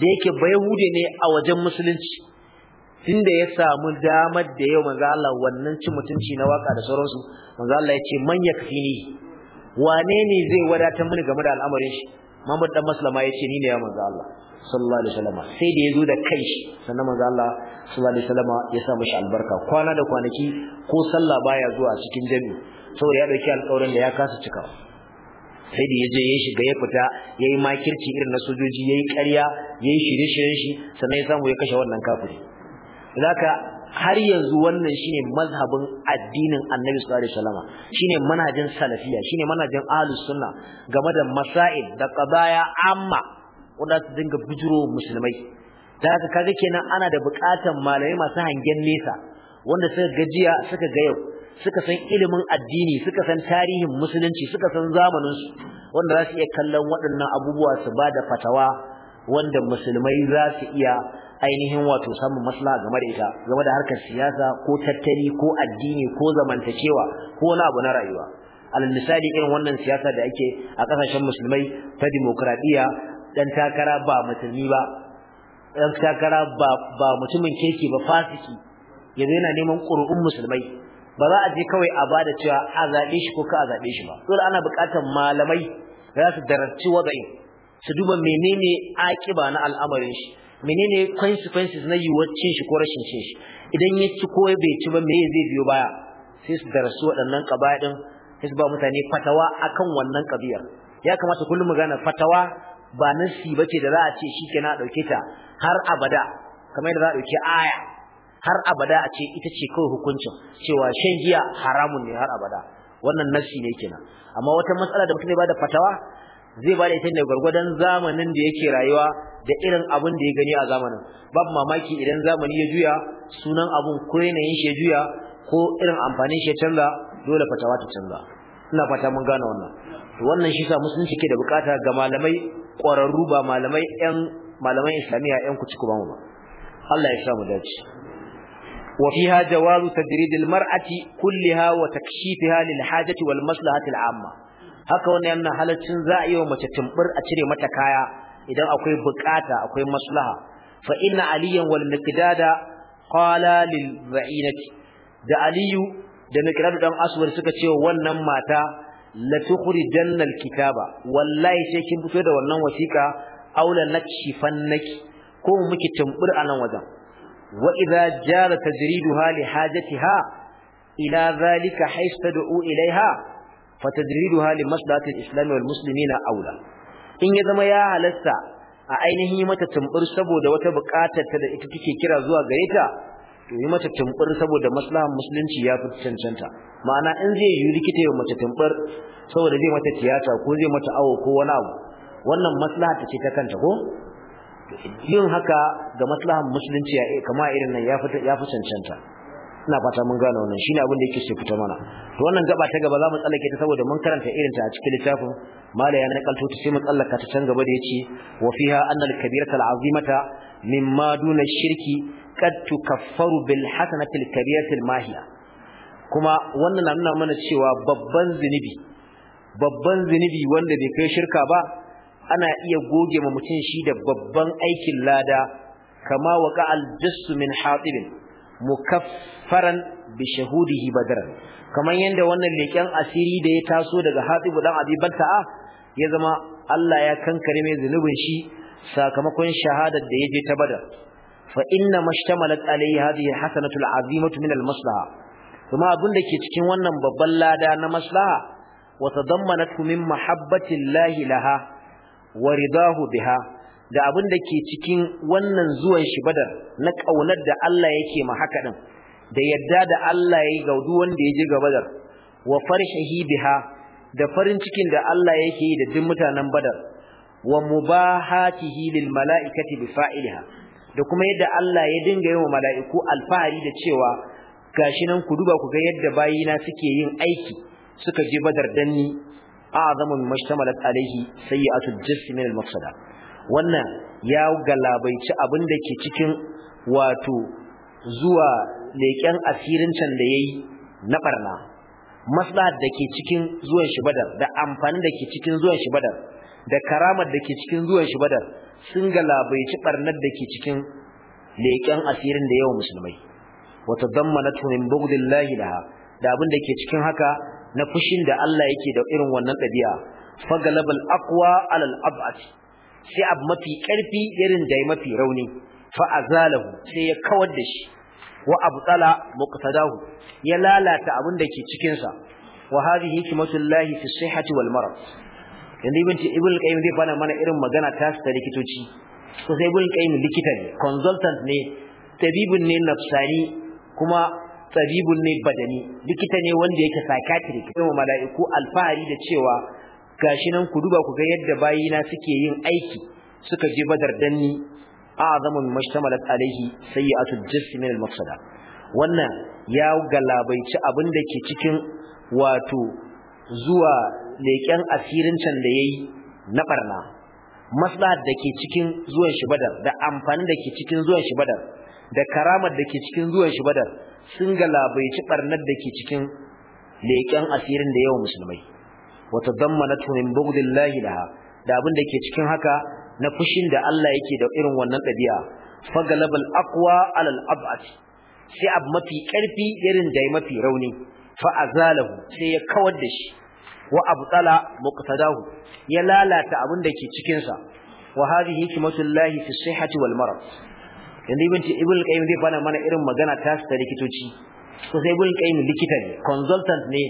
da yake bayahude ne a wajen musulunci tunda ya samu damar da yau manzo Allah wannan cin mutunci na waka da sauransu manzo Allah ya ce man yakfini wane ne zai wadatar mini game da al'amarin shi Muhammad dan Maslama ya ce ni ne ya manzo Allah sallallahu alaihi wasallam sai da yazo da kai shi sannan manzo Allah sallallahu alaihi wasallam ya sa mishi albarka kwana da kwanaki ko sallah baya zuwa cikin jami saboda ya dauki alƙawarin da ya kasa cika. sai da yaje ya shiga ya fita yayi makirci irin na sojoji yayi ƙarya yayi shirye-shiryen shi sannan ya samu ya kashe wannan kafiri zaka har yanzu wannan shine mazhabin addinin Annabi sallallahu alaihi wasallam shine manhajin salafiya shine manhajin ahlus sunna game da masail da qadaya amma wanda su dinga bijiro musulmai da haka kaga kenan ana da bukatan malami masu hangen nesa wanda suka gajiya suka ga yau suka san ilimin addini suka san tarihin musulunci suka san zamanin su wanda za su iya kallon waɗannan abubuwa su ba da fatawa wanda musulmai za su iya ainihin wato samun masla game da ita game da harkar siyasa ko tattali ko addini ko zamantakewa ko wani abu na rayuwa alal misali irin wannan siyasa da ake a kasashen musulmai ta demokradiya dan takara ba musulmi ba dan takara ba ba mutumin keke ba fasiki yanzu yana neman ƙuri'un musulmai ba za a je kawai a bada cewa a zabe shi ko ka a zabe shi ba dole ana buƙatar malamai za su darasci wada'in su duba menene aƙiba na al'amarin shi menene consequences na yiwuwar cin shi ko rashin cin shi idan ya ci ko bai ci ba me zai biyo baya sai su darasu waɗannan ƙabaya sai su ba mutane fatawa akan wannan kabiyar ya kamata kullum mu gane fatawa ba nasi bace da za a ce shikenan a dauke ta har abada kamar yadda za a dauki aya har abada a ce ita ce kawai hukuncin cewa shan giya haramun ne har abada wannan nasi ne kenan amma wata matsala da mutum zai bada fatawa zai ba da ita ne gwargwadon zamanin da yake rayuwa da irin abin da ya gani a zamanin babu mamaki idan zamani ya juya sunan abun ko yanayin shi ya juya ko irin amfanin shi ya canza dole fatawa ta canza ina fata mun gane wannan to wannan shi sa musulunci ke da bukata ga malamai ƙwararru ba malamai ƴan malaman islamiyya yan kuci kuma ba Allah ya sa mu dace wa fiha jawazu tajrid al-mar'ati kullaha wa takshifiha lil hajati wal maslahati al-amma haka wannan yana halaccin za a yi wa mace tumbur a cire mata kaya idan akwai bukata akwai maslaha fa inna aliyan wal miqdada qala lil ra'inati? da aliyu da miqdadu dan aswar suka ce wannan mata la tukhrijanna al kitaba wallahi sai kin fito da wannan wasiqa aula la nakshifannaki ko muke tumbur a nan wajen wa idza jara tajriduha li hajatiha ila zalika haytad'u ilaiha fatadriduha li maslahatil islam wal muslimina aula in ya zama ya halasta a ainihin mata tumbur saboda wata buƙatar ta da ita take kira zuwa gare ta to yi mata tumbur saboda maslahan musulunci ya fi cancanta ma'ana in zai yi likita ya mata tumbur saboda zai mata tiyata ko zai mata awo ko wani abu wannan maslaha ta ce ta kanta ko yin haka ga maslahan musulunci ya kama irin nan ya fi cancanta ina fata mun gane wannan shine abin da yake sai fita mana to wannan gaba ta gaba zamu tsallake ta saboda mun karanta irin ta a cikin littafin mala ya nakalto ta sai mu tsallaka ta can gaba da yace wa fiha annal kabiratal azimata mimma duna shirki kad tukaffaru bil hasanatil kabiratil mahiya kuma wannan na nuna mana cewa babban zinubi babban zinubi wanda bai kai shirka ba ana iya goge ma mutum shi da babban aikin lada kama waqa al jassu min hatibin mukaffaran bi shahudihi badar kamar yanda wannan leken asiri da ya taso daga Hatibu dan Abi Balta'a ya zama Allah ya kankare mai zunubin shi sakamakon shahadar da yaje ta Badar fa inna mashtamalat alayhi hadhihi hasanatu al'azimatu min al-maslaha kuma abin da ke cikin wannan babban lada na maslaha wa tadammanatu min mahabbati llahi laha wa ridahu biha da abin da ke cikin wannan zuwan shi badar na kaunar da Allah yake ma haka din da yadda da Allah yayi ga duk wanda ya ji ga badar wa farshihi biha da farin cikin da Allah yake yi da duk mutanen badar wa mubahatihi lil mala'ikati bi fa'iliha da kuma yadda Allah ya dinga yi wa mala'iku alfahari da cewa gashi nan ku duba ku ga yadda bayina suke yin aiki suka je badar danni a'zamu mashtamalat alaihi sayyi'atul jismi min al-mafsada wannan ya galabaici abin da ke cikin wato zuwa leƙen asirin can da ya yi na barna maslahar da ke cikin zuwan shi badar da amfani da ke cikin zuwan shi badar da karamar da ke cikin zuwan shi badar sun galabaici barnar da ke cikin leƙen asirin da yawan musulmai wata na tunin bugdillahi laha da abin da ke cikin haka na fushin da Allah yake da irin wannan ɗabi'a fagalabal aqwa alal ab'ati sai abu mafi ƙarfi, irin da mafi rauni fa azalahu sai ya kawar da shi wa tsala muqtadahu ya lalata abin da ke cikin sa wa hadhihi hikmatullahi fi sihhati wal marad ibn ibn qayyim zai fara mana irin magana ta ta likitoci ko sai ibn qayyim likita ne consultant ne tabibun ne nafsani kuma tabibun ne badani likita ne wanda yake psychiatric kuma mala'iku alfahari da cewa gashi nan ku duba ku ga yadda bayina suke yin aiki suka je badar danni a'zamu min mashtamalat alayhi sayyi'atu jism min al-mafsada wannan ya galabaici abin da ke cikin wato zuwa leken asirin can da yayi na barna maslahar da ke cikin zuwan shi badar da amfani da ke cikin zuwan shi badar da karamar da ke cikin zuwan shi badar sun galabaici barnar da ke cikin leken asirin da yawa musulmai wa tadammanatu min bughdillahi laha da abin da ke cikin haka na fushin da Allah yake da irin wannan dabi'a fagalabal aqwa alal ab'at sai ab mafi karfi irin da mafi rauni fa azalahu sai ya kawar da shi wa abtala muqtadahu ya lalata abin da ke cikin sa wa hadhihi hikmatullahi fi sihhati wal marad yanzu ibn ibn qayyim zai fara mana irin magana ta da likitoci so sai ibn qayyim likita ne consultant ne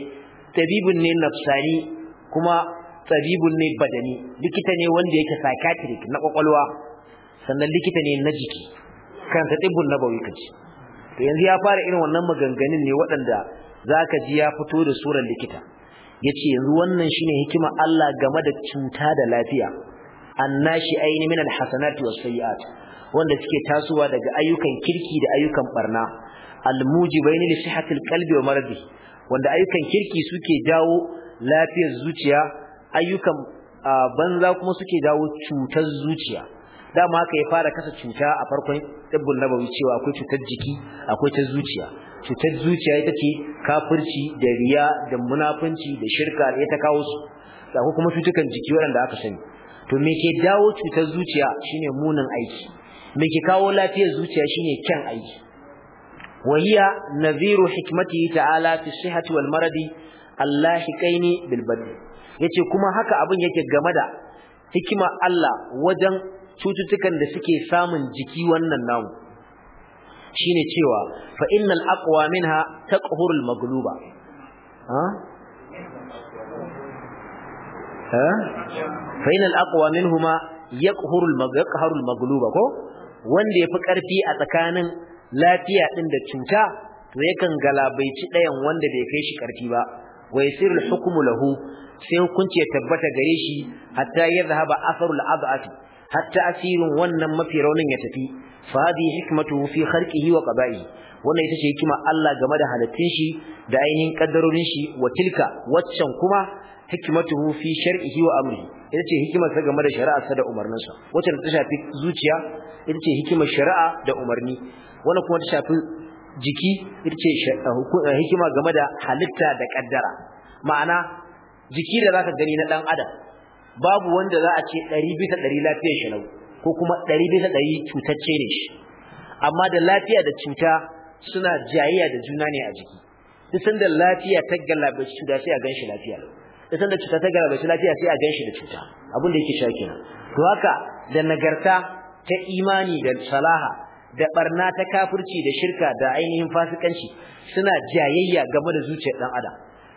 tabibun ne nafsani kuma tsabibun ne badani likita ne wanda yake psychiatric na kwakwalwa sannan likita ne na jiki kansa na nabawi kace to yanzu ya fara irin wannan maganganun ne waɗanda zaka ji ya fito da suran likita yace yanzu wannan shine hikima Allah game da cuta da lafiya annashi aini min alhasanati wasayiat wanda suke tasowa daga ayyukan kirki da ayyukan barna almujibaini li sihhatil qalbi wa maradi wanda ayyukan kirki suke jawo lafiyar zuciya ayyukan banza kuma suke dawo cutar zuciya dama haka ya fara kasa cuta a farkon tsibbin nabawi cewa akwai cutar jiki akwai ta zuciya cutar zuciya ita ce kafirci da riya da munafunci da shirka da ta kawo su da kuma cutukan jiki waɗanda aka sani to me ke dawo cutar zuciya shine munin aiki me ke kawo lafiyar zuciya shine kyan aiki naziru Naziru ta'ala fi sihhati wal maradi Allah kaini bil yace kuma haka abin yake game da hikima Allah wajen cututtukan da suke samun jiki wannan namu shine cewa fa innal aqwa minha taqhurul magluba ha ha fa innal aqwa minhuma yaqhurul magqharul magluba ko wanda yafi karfi a tsakanin lafiya din da cuta to yakan galabaici dayan wanda bai kai shi karfi ba wa yasiru al lahu sai hukunci ya tabbata gare shi hatta yadhhaba atharu al-ad'ati hatta asirin wannan mafi raunin ya tafi fa hikima hikmatuhu har kharqihi wa qada'i wannan ita ce hikima Allah game da halittun da ainihin kaddarorin shi wa tilka waccan kuma hikmatuhu fi shar'ihi wa amrihi ita ce hikimar sa game da shari'arsa da umarninsa wacce ta shafi zuciya ita ce hikimar shari'a da umarni wannan kuma ta shafi jiki irce ce eh, eh, hikima game da halitta da kaddara ma'ana jiki da zaka gani na dan adam babu wanda za a ce 100 bisa 100 lafiyar shi lau ko kuma 100 bisa 100 cutacce ne shi amma da lafiya da cuta suna jayayya da juna ne a jiki duk sanda lafiya ta galabe shi da sai a ganshi lafiya duk duk sanda cuta ta galabe shi lafiya sai a ganshi da cuta abin da yake shakin to haka da nagarta ta imani da salaha da barna ta kafirci da shirka da ainihin fasikanci suna jayayya game da zuciyar dan adam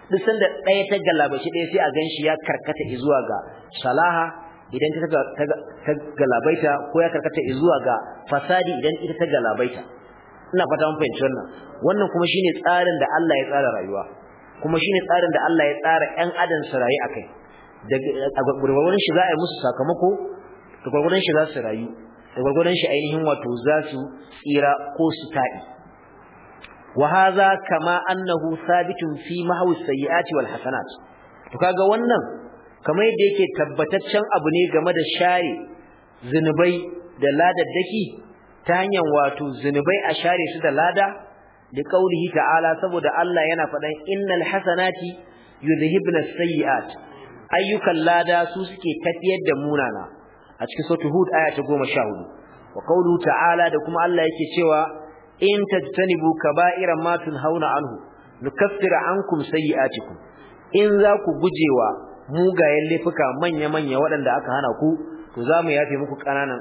duk sanda ɗaya ta galabashi ɗaya sai a ganshi ya karkata zuwa ga salaha idan ta galabaita ko ya karkata zuwa ga fasadi idan ita ta galabaita ina fata mun fahimci wannan wannan kuma shine tsarin da Allah ya tsara rayuwa kuma shine tsarin da Allah ya tsara ƴan adam su rayu akai daga gurgurun shi za a yi musu sakamako da shi za su rayu da gurgurdan shi ainihin wato za su tsira ko su ta'i wa hadha kama annahu sabitun fi mahwi sayyiati wal hasanat to kaga wannan kamar yadda yake tabbataccen abu ne game da share zinubai da ladaddaki ta hanyar wato zinubai a share su da lada da kaulihi ta'ala saboda Allah yana faɗan innal hasanati yuzhibna sayyi'at ayyukan lada su suke tafiyar da munana a cikin suratul hud aya ta 14 wa qawlu ta'ala da kuma Allah yake cewa in tajtanibu kaba'ira ma tunhauna anhu nukaffir ankum sayi'atikum in za ku gujewa mugayen laifuka manya-manya waɗanda aka hana ku to za mu yafe muku ƙananan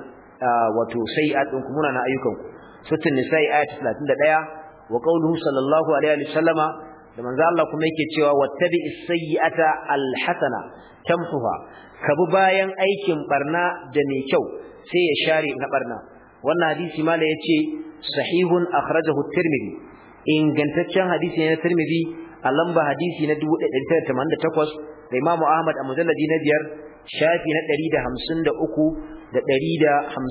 wato sayi'atinku muna na ayyukanku suratul nisa'i aya 31 wa qawluhu sallallahu alaihi wa sallama da manzo Allah kuma yake cewa wattabi as alhasana al ka bi bayan aikin barna da mai kyau sai ya share na barna wannan hadisi mala yace sahihun akhrajahu tirmidhi ingantaccen hadisi ne na tirmidhi a lamba hadisi na 1988 da imamu ahmad a mujalladi na biyar shafi na 153 da 158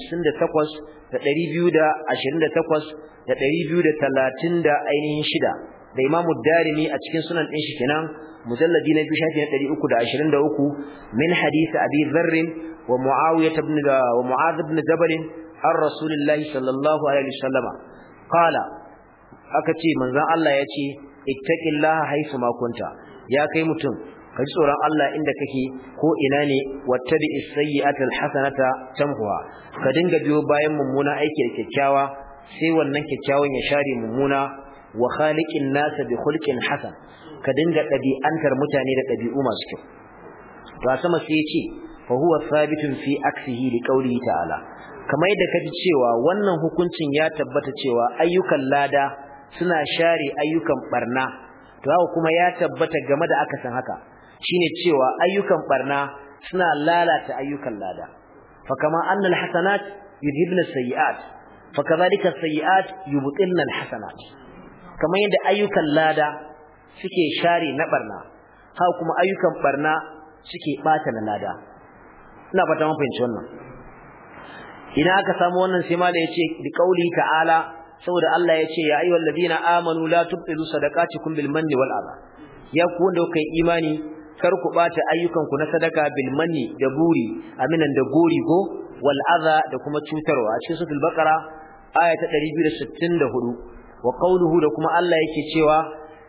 da 228 da 230 da ainihin shida da Imam Darimi a cikin sunan din shi kenan mujalladi na biyu shafi na 323 min hadisi Abi Dharr wa Muawiyah ibn wa Mu'adh ibn Jabal an Rasulullahi sallallahu alaihi wasallama qala aka ce manzon Allah ya ce ittaqillaha haythu ma kunta ya kai mutum ka ji tsoron Allah inda kake ko ina ne wattabi as-sayyi'ata al-hasanata tamhuha ka dinga biyo bayan mummuna aiki da kyakkyawa sai wannan kyakkyawan ya share mummuna wa khaliqin nasa bi khulqin hasan ka dinga ɗabi'antar mutane da ɗabi'u masu kyau to a sama sai ce fa huwa thabitun fi aksihi li qawlihi ta'ala kamar yadda kaji cewa wannan hukuncin ya tabbata cewa ayyukan lada suna share ayyukan barna to haka kuma ya tabbata game da aka san haka shine cewa ayyukan barna suna lalata ayyukan lada fa kama annal hasanat yudhibna fa kadhalika sayyi'at yubtilna al hasanat kamar yadda ayyukan lada suke share na barna haka kuma ayyukan barna suke bata na lada ina fata mun fahimci wannan ina aka samu wannan sai malai yace bi qauli ta'ala saboda Allah yace ya ayyuhal ladina amanu la tubtilu sadaqatikum bil manni wal adha ya ku wanda kai imani kar ku bata ayyukan ku na sadaka bil manni da buri aminan da gori go wal adha da kuma cutarwa a cikin suratul baqara aya ta 264 wa qawluhu da kuma Allah yake cewa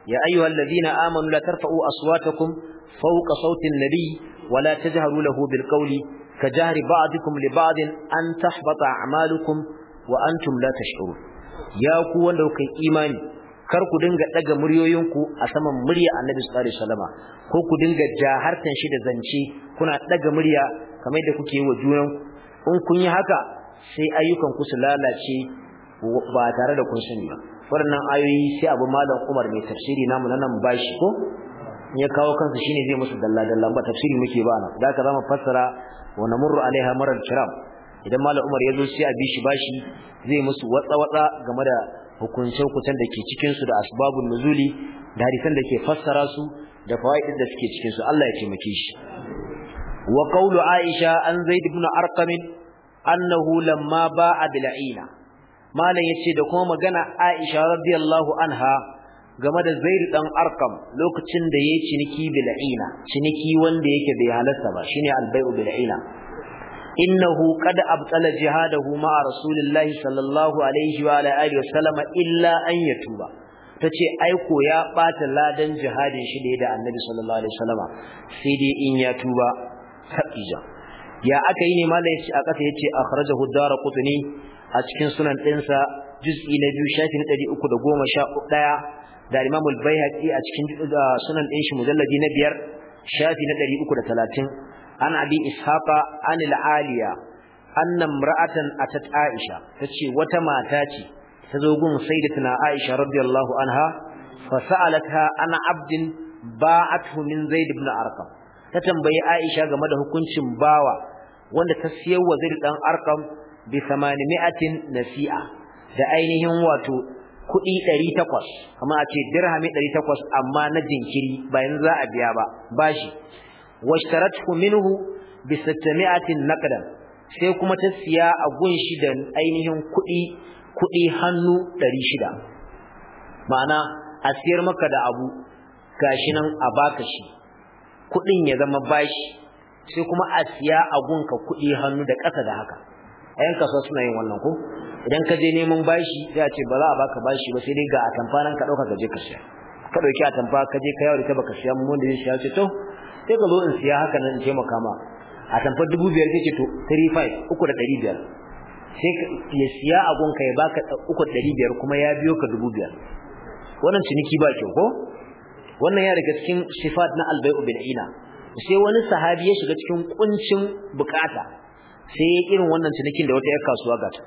ya ayyuhal ladina amanu la tarfa'u aswatakum fawqa sautin nabi wa la tajharu lahu bil qawli kajahri ba'dikum li ba'din an tahbata a'malukum wa antum la tash'urun ya ku wanda imani kar ku dinga daga muryoyinku a saman murya Annabi sallallahu alaihi wasallama ko ku dinga jahartan shi da zance kuna daga murya kamar da kuke yi wa junanku in kun yi haka sai ayyukan ku su lalace ba tare da kun sani ba waɗannan ayoyi sai abu malam Umar mai tafsiri namu nan bashi ko ya kawo kansa shine zai musu dalla dalla ba tafsiri muke ba nan da ka zama fassara wa namurru alaiha marar kiram idan malam Umar ya zo sai a bishi bashi zai musu watsa watsa game da hukunce hukuncen da ke cikinsu da asbabun nuzuli da hadisan da ke fassara su da fawaidin da suke cikin su Allah ya taimake shi wa Aisha an Zaid ibn Arqam annahu lamma ba'a bil'ina malam yace da kuma magana Aisha radiyallahu anha game da Zaid dan Arqam lokacin da yayi ciniki bil'ina ciniki wanda yake bai halarta ba shine al-bai'u bil'ina innahu qad abtala jihadahu ma'a rasulillahi sallallahu alaihi wa ala alihi wasallama illa an yatuba tace aiko ya bata ladan jihadin shi da annabi sallallahu alaihi wasallama sai dai in ya tuba sabija ya aka yi ne malai a kasa a akhrajahu ad-darqutni a cikin sunan ɗinsa juz'i na biyu shafi na ɗari uku da goma sha ɗaya da Imam al a cikin sunan ɗin shi mujalladi na biyar shafi na ɗari uku da talatin an abi ishaqa an al-aliya anna imra'atan atat aisha tace wata mata ce ta zo gun sayyidatuna aisha radiyallahu anha fa sa'alatha ana abdin ba'athu min zaid ibn arqam ta tambayi aisha game da hukuncin bawa wanda ta siyar wa zaid dan arqam bi mi'atin nasi'a da ainihin wato kuɗi 800 kuma a ce dirhami 800 amma na jinkiri bayan za a biya ba bashi washtaratu minhu bi 600 naqdan sai kuma ta siya a shi da ainihin kuɗi kuɗi hannu 600 ma'ana a siyar maka da abu gashi nan a baka shi kuɗin ya zama bashi sai kuma a siya a gunka kuɗi hannu da ƙasa da haka A ayan kasuwa suna yin wannan ko idan ka je neman bashi sai a ce ba za a baka bashi ba sai dai ga atamfa nan ka dauka ka je ka siya ka dauki atamfa ka je ka yawo ta baka siya mun wanda zai siya ce to sai ka zo in siya haka nan in taimaka ma atamfa 2500 ce to 35 uku da 500 sai ya siya a gonka ya baka uku da 500 kuma ya biyo ka 2500 wannan ciniki ba kyau ko wannan ya riga cikin sifat na albayu bil ina sai wani sahabi ya shiga cikin kuncin bukata sai ya irin wannan cinikin da wata 'yar kasuwa gata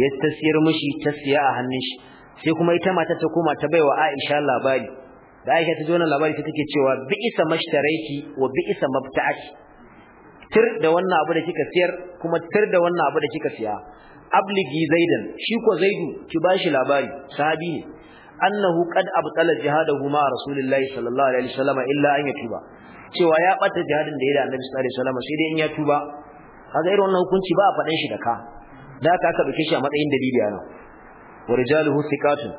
ya tasiyar mishi ta siya a hannun shi sai kuma ita mata ta koma ta baiwa Aisha labari da Aisha ta ji wannan labari ta take cewa bi'isa mashtaraiki wa bi'isa ake. tir da wannan abu da kika siyar kuma tir da wannan abu da kika siya abligi zaidan shi ko zaidu ki bashi labari sahabi ne annahu qad abtala jihadahu ma rasulullahi sallallahu alaihi wasallam illa an yatuba cewa ya bata jihadin da ya da annabi sallallahu alaihi wasallam sai dai in ya tuba ga irin wannan hukunci ba a faɗin shi da ka da haka aka dauke shi a matsayin dalili ana wa rijaluhu thiqatun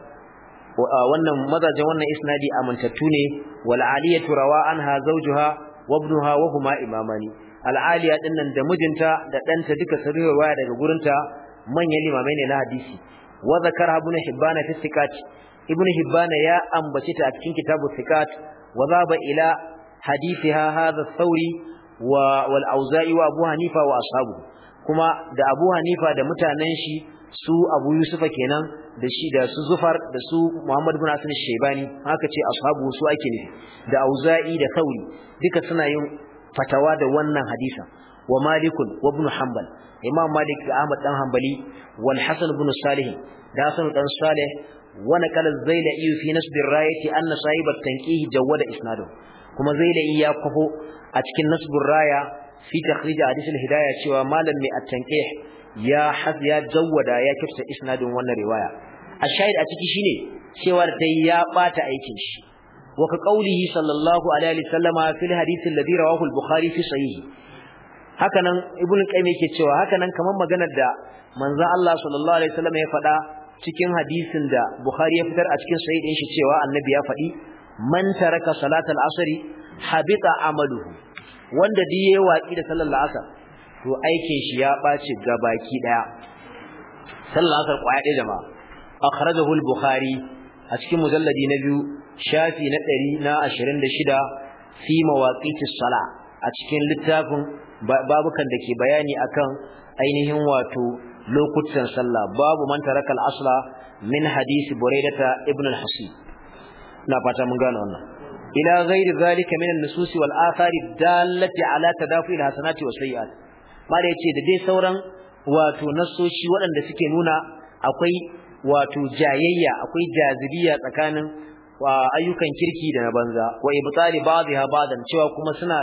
wannan mazajen wannan isnadi amintattu ne wal aliyatu rawa anha zawjuha wa ibnuha wa huma imamani al aliya dinnan da mijinta da ɗanta duka sun riwaya daga gurinta manyan limamai ne na hadisi wa zakara ibn hibban fi ibn hibban ya ambace ta a cikin kitabu thiqat wa zaba ila hadithiha hadha thawri wa wal auza'i wa abu hanifa wa ashabu kuma da abu hanifa da mutanen shi su abu yusufa kenan da shi da su zufar da su muhammad ibn hasan shaybani haka ce ashabu su ake nufi da auza'i da kauri duka suna yin fatawa da wannan hadisin wa malikun wa ibn hanbal imam malik da ahmad dan hanbali wal hasan ibn salih da hasan dan salih wa naqala az-zailai fi nasb ar-rayati anna sahib at-tanqih jawada isnadu kuma zaila'i ya kwafo a cikin nasbur raya fi takhrij hadith al-hidayah cewa malam mai at-tanqih ya haz ya jawwada ya kifta isnadin wannan riwaya a shahid a ciki shine cewa dai ya bata aikin shi wa ka qaulihi sallallahu alaihi wasallama fil hadith alladhi rawahu al-bukhari fi sahihi hakanan ibnu qayyim yake cewa hakanan kamar maganar da manzo Allah sallallahu alaihi wasallam ya faɗa cikin hadisin da Bukhari ya fitar a cikin sahih din shi cewa annabi ya faɗi man taraka salatal asri habita amaluhu wanda duk yayi watsi da sallar asar to aikin shi ya baci gabaki daya sallar asar kwaya daya jama'a akhrajahu al-bukhari a cikin mujalladi na biyu shafi na 126 fi mawaqiti sala a cikin littafin babukan da ke bayani akan ainihin wato lokutan sallah babu man taraka al-asla min hadisi buraidata ibn al-hasib na fata mun gane wannan ila ghairi zalika min an-nusus wal athari dallati ala tadafu ila hasanati wa sayyi'at mala yace da dai sauran wato nasoshi waɗanda suke nuna akwai wato jayayya akwai jazibiya tsakanin ayyukan kirki da na banza wa ibtali ba'dha ba'dan cewa kuma suna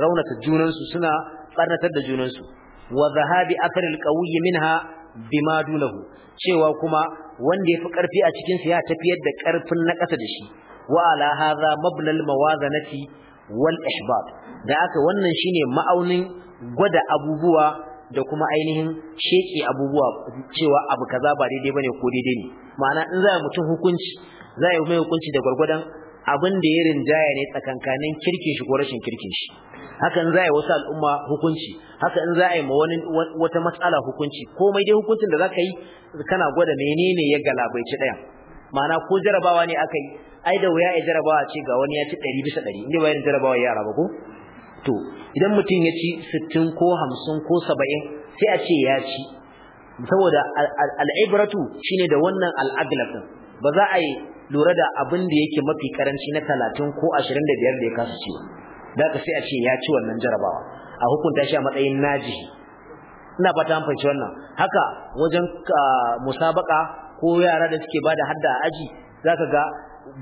raunata junansu suna barnatar da junansu wa zahabi al qawiyyi minha bima dunahu cewa kuma wanda yafi karfi a cikin sa ya tafiyar da karfin na kasa da shi wa ala hadha mabna al mawazanati wal ihbab da aka wannan shine ma'aunin gwada abubuwa da kuma ainihin sheki abubuwa cewa abu kaza ba daidai bane ko daidai ne ma'ana in za mutum hukunci za yi mai hukunci da gwargwadon abin da ya rinjaya ne tsakankanin kirkin shi ko rashin kirkin shi haka in za a yi wasu al'umma hukunci haka in za a yi ma wani wata matsala hukunci komai dai hukuncin da za ka yi kana gwada menene ya galabaici ɗayan ma'ana ko jarabawa ne aka yi ai da wuya ya jarabawa ce ga wani ya ci ɗari bisa ɗari inda bayan jarabawa yara ba ko to idan mutum ya ci sittin ko hamsin ko saba'in sai a ce ya ci saboda al'ibratu shine da wannan al'aglab ba za a yi lura da abin da yake mafi karanci na 30 ko 25 da ya kasu ciwo da ka sai a ce ya ci wannan jarabawa a hukunta shi a matsayin najihi ina fata an fahimci wannan haka wajen musabaka ko yara da suke bada hadda a aji zaka ga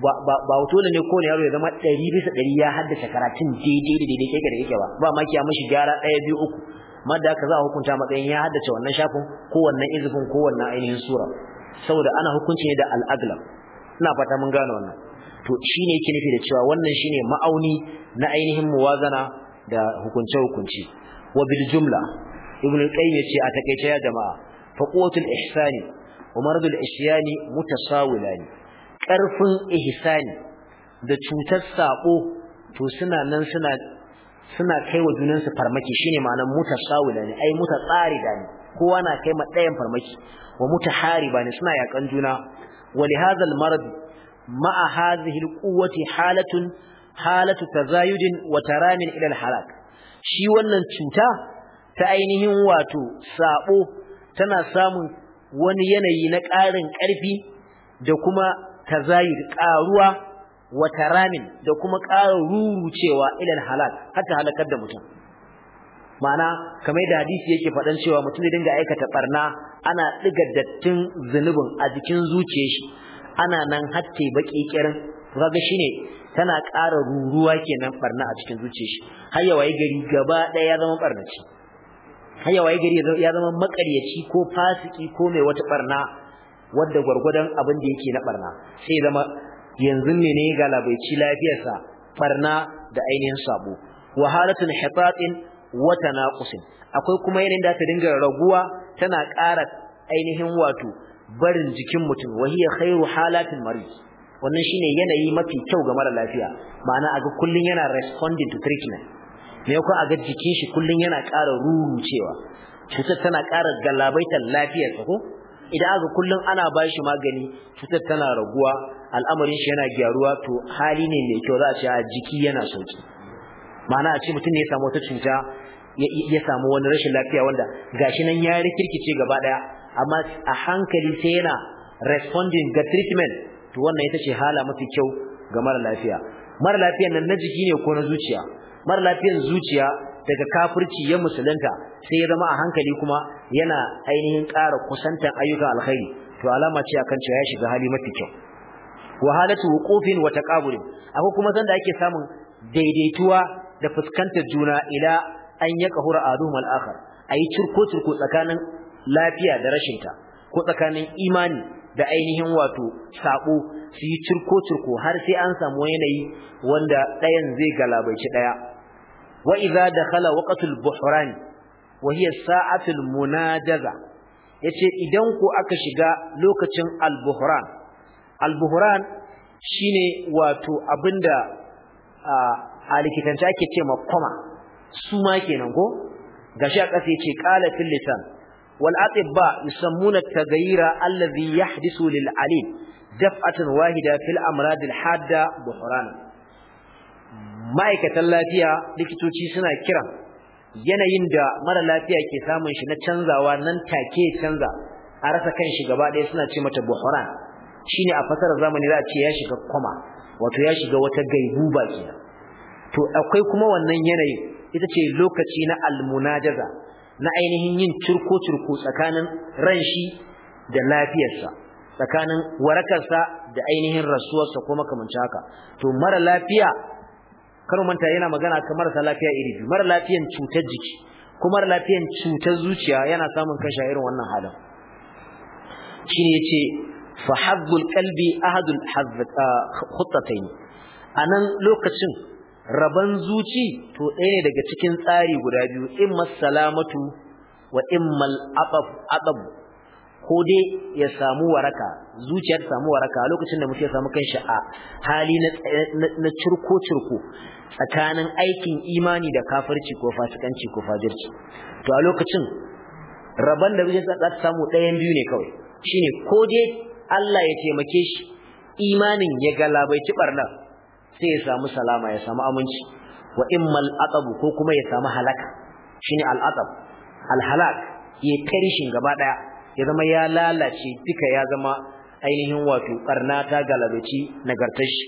ba wato ne ko ne yaro ya zama 100 bisa 100 ya haddace karatun daidai da daidai kake da yake ba ba maki ya mishi gyara ɗaya biyu uku madda ka za a hukunta matsayin ya haddace wannan shafin ko wannan izifin ko wannan ainihin sura saboda ana hukunci ne da al ina fata mun gane wannan to shine yake nufi da cewa wannan shine ma'auni na ainihin muwazana da hukunce hukunci wa bil jumla ibn al-qayyim yace a takeice ya jama'a fa qutul ihsani wa maradul ihsani mutasawilani karfin ihsani da cutar sako to suna nan suna suna kai wa junansu farmaki shine ma'anar mutasawilani ai da ni kowa na kai ma ɗayan farmaki wa mutahariba ne suna yakan juna ولهذا المرض مع هذه القوة حالة حالة تزايد wataramin idan الحلاك shi wannan cuta ta ainihin wato sabo tana samun wani yanayi na ƙarin ƙarfi da kuma tazayid ƙaruwa wa taramin da kuma ƙara rurucewa ilal halak ta halakar da mutum ma'ana kamar da hadisi yake faɗan cewa mutum zai dinga aikata barna ana ɗiga dattin zunubin a jikin zuciyar shi ana nan hatte baki kirin kaga shine tana ƙara ruruwa kenan barna a cikin zuciyar shi har ya waye gari gaba ɗaya ya zama barnaci har ya waye gari ya zama makaryaci ko fasiki ko mai wata barna wadda gwargwadon abin da yake na barna sai zama yanzu ne ne galabaici lafiyarsa barna da ainihin sabo wahalatun hifatin wata tanaqus akwai kuma yanayin da ta dinga raguwa tana ƙara ainihin wato barin jikin mutum wa hiya khairu halatin marid wannan shine yanayi mafi kyau ga mara lafiya ma'ana aga kullun yana responding to treatment me a aga jikin shi kullun yana ƙara rurucewa cutar tana ƙara galabaitar lafiyarsa ko idan ga kullum ana bashi magani cutar tana raguwa al'amarin shi yana gyaruwa to hali ne mai kyau za a ce a jiki yana sauki ma'ana a ce mutum ne ya samu wata cuta ya samu wani rashin lafiya wanda gashi nan ya rikirkice gaba daya amma a hankali sai yana responding ga treatment to wannan ita ce hala mafi kyau ga mara lafiya mara lafiyan nan na jiki ne ko na zuciya mara lafiyan zuciya daga kafirci ya musulunta sai ya zama a hankali kuma yana ainihin ƙara kusantan ayyukan alkhairi to alama ce akan cewa ya shiga hali mafi kyau wahalatu wuqufin wa taqabulin akwai kuma sanda ake samun daidaituwa da fuskantar juna ila an yaka hura aduhum al-akhar ayi cirko cirko tsakanin lafiya da rashin ta ko tsakanin imani da ainihin wato saƙo su yi cirko cirko har sai an samu yanayi wanda ɗayan zai galabaici ɗaya wa idza dakhala waqtul buhran wa hiya sa'atul munajaza yace idan ko aka shiga lokacin al-buhran al-buhran shine wato abinda a likitance ake ce ma koma su ma kenan ko gashi a ƙasa yace qala fil lisan wal atibba yusammuna tagayira alladhi yahdisu lil alim daf'atan wahida fil amrad al hadda buhran ma'aikatan lafiya likitoci suna kiran yanayin da mara lafiya ke samun shi na canzawa nan take canza a rasa kan shi gaba ɗaya suna ce mata buhran shine a fasarar zamani za a ce ya shiga koma wato ya shiga wata gaibu ba kenan to akwai kuma wannan yanayin ita ce lokaci na almunajaza na ainihin yin curko curko tsakanin ran shi da lafiyarsa tsakanin warakarsa da ainihin rasuwarsa ko makamanci haka to mara lafiya karu manta yana magana ka marasa lafiya iri biyu mara lafiyan cutar jiki ko mara lafiyan cutar zuciya yana samun kasha irin wannan halin shine yace fa hazzul qalbi ahadul hazzatayn ah, anan lokacin raban zuci to ɗaya ne daga cikin tsari guda biyu in salamatu wa in mal aɓab ko dai ya samu waraka zuciya samu waraka a lokacin da muke ya samu kanshi a hali na cirko cirko tsakanin aikin imani da kafirci ko fasikanci ko fajirci to a lokacin rabon da zuciya za ta samu ɗayan biyu ne kawai shine ko dai Allah ya taimake shi imanin ya galabaici barnar sai ya samu salama ya samu aminci wa immal aqab ko kuma ya samu halaka shine al aqab al halak ya karishin gaba daya ya zama ya lalace duka ya zama ainihin wato karna ta galabaci nagartar shi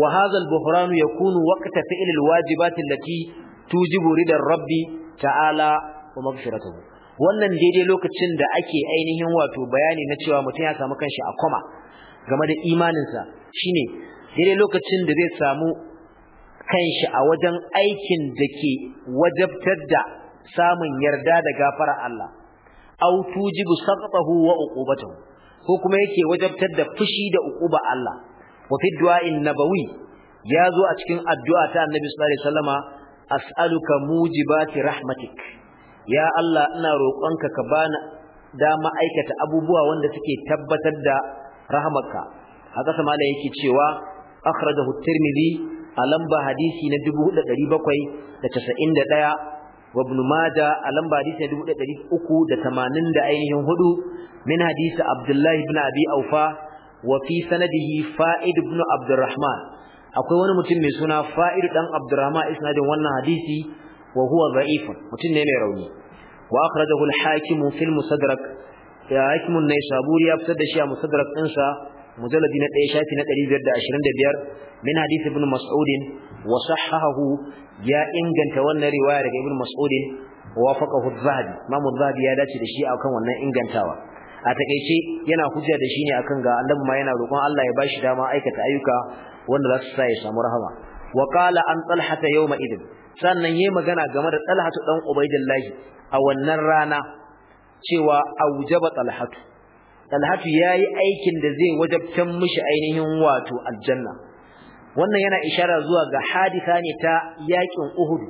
wa hadha al buhran yakunu waqta fi'l al wajibat allati tujibu ridar rabbi ta'ala wa maghfiratuhu wannan daidai lokacin da ake ainihin wato bayani na cewa mutum ya samu kanshi a koma game da imaninsa shine dare lokacin da zai samu kanshi a wajen aikin da ke wajabtar da samun yarda da gafara Allah aw tujibu saqatahu wa uqubatahu ko kuma yake wajabtar da fushi da uquba Allah wa fi du'a'in nabawi yazo a cikin addu'a ta Annabi sallallahu alaihi wasallama as'aluka mujibati rahmatik ya Allah ina roƙonka ka bani dama aikata abubuwa wanda suke tabbatar da rahmarka haka sama da yake cewa akhrajahu at-tirmidhi a lamba hadisi da 4791 wa ibn majah a lamba hadisi na 380 da ainihin hudu min hadisi Abdullahi ibn abi aufa wa fi sanadihi fa'id ibn abdurrahman akwai wani mutum mai suna fa'id dan abdurrahman isnadin wannan hadisi wa huwa mutum ne mai rauni wa akhrajahu al-hakim fi al-musadrak ya hakim ya fitar da shi a musadrak ɗinsa mujalladi na 1 shafi na 525 min hadith ibn mas'ud wa ya inganta wannan riwaya daga ibn mas'ud wa wafaqahu az-zahabi imam zahabi ya dace da shi akan wannan ingantawa a takaice yana hujja da shi ne akan ga annabi ma yana roƙon Allah ya bashi dama aikata ayyuka wanda za su sa ya samu rahama Wakala an an yau yawma idin sannan yayi magana game da talhatu dan ubaidillahi a wannan rana cewa aujaba talhatu Talhatu yayi aikin da zai wajabtan mishi ainihin wato aljanna wannan yana ishara zuwa ga hadisa ne ta yakin Uhud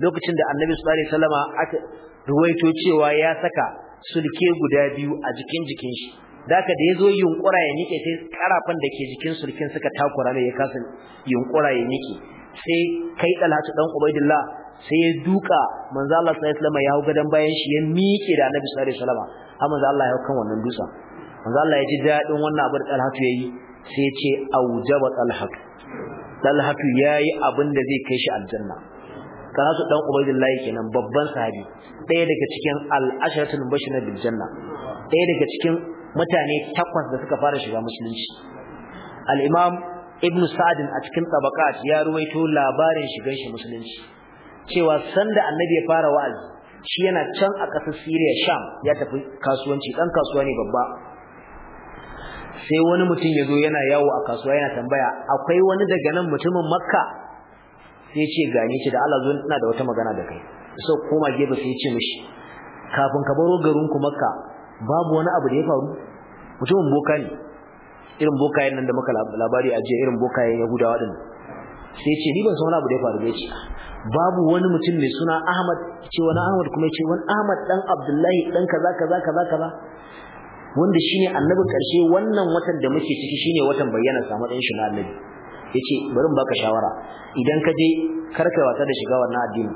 lokacin da Annabi sallallahu alaihi wasallam aka ruwaito cewa ya saka sulke guda biyu a jikin jikin shi daka da yazo yunkura ya nike sai karafan da ke jikin sulkin suka takura ne ya kasa yunkura ya nike sai kai Talhatu dan Ubaidillah sai ya duka manzo Allah sallallahu alaihi wasallam ya hau gadan bayan shi ya miƙe da Annabi sallallahu alaihi wasallam har manzo Allah ya hau kan wannan dutsen manzo Allah ya ji dadin wannan abin Talhatu yayi sai ya ce aujaba Talhatu Talhatu yayi abin da zai kai shi aljanna su dan Ubaydillah kenan babban sahabi ɗaya daga cikin al ashratul mubashshir bil janna ɗaya daga cikin mutane takwas da suka fara shiga musulunci al-imam ibnu sa'd a cikin tabaqat ya ruwaito labarin shigar shi musulunci cewa sanda annabi ya fara wa'azi shi yana can a ƙasar Syria Sham ya tafi kasuwanci dan kasuwa ne babba sai wani mutum ya zo yana yawo a kasuwa yana tambaya akwai wani daga nan mutumin makka sai ce gane shi da Allah zo ina da wata magana da kai so koma gefe sai ce mishi kafin ka baro garin ku makka babu wani abu da ya faru mutumin boka ne irin bokayen nan da muka labari a jiya irin bokayen yahudawa din sai ce ni ban san wani abu da ya faru ba ce babu wani mutum mai suna Ahmad ce wani Ahmad kuma ce wani Ahmad dan Abdullahi dan kaza kaza kaza kaza wanda shine annabi karshe wannan watan da muke ciki shine watan bayyana samu matsayin shi na annabi yace bari in baka shawara idan ka je karka wasa da shiga wannan addini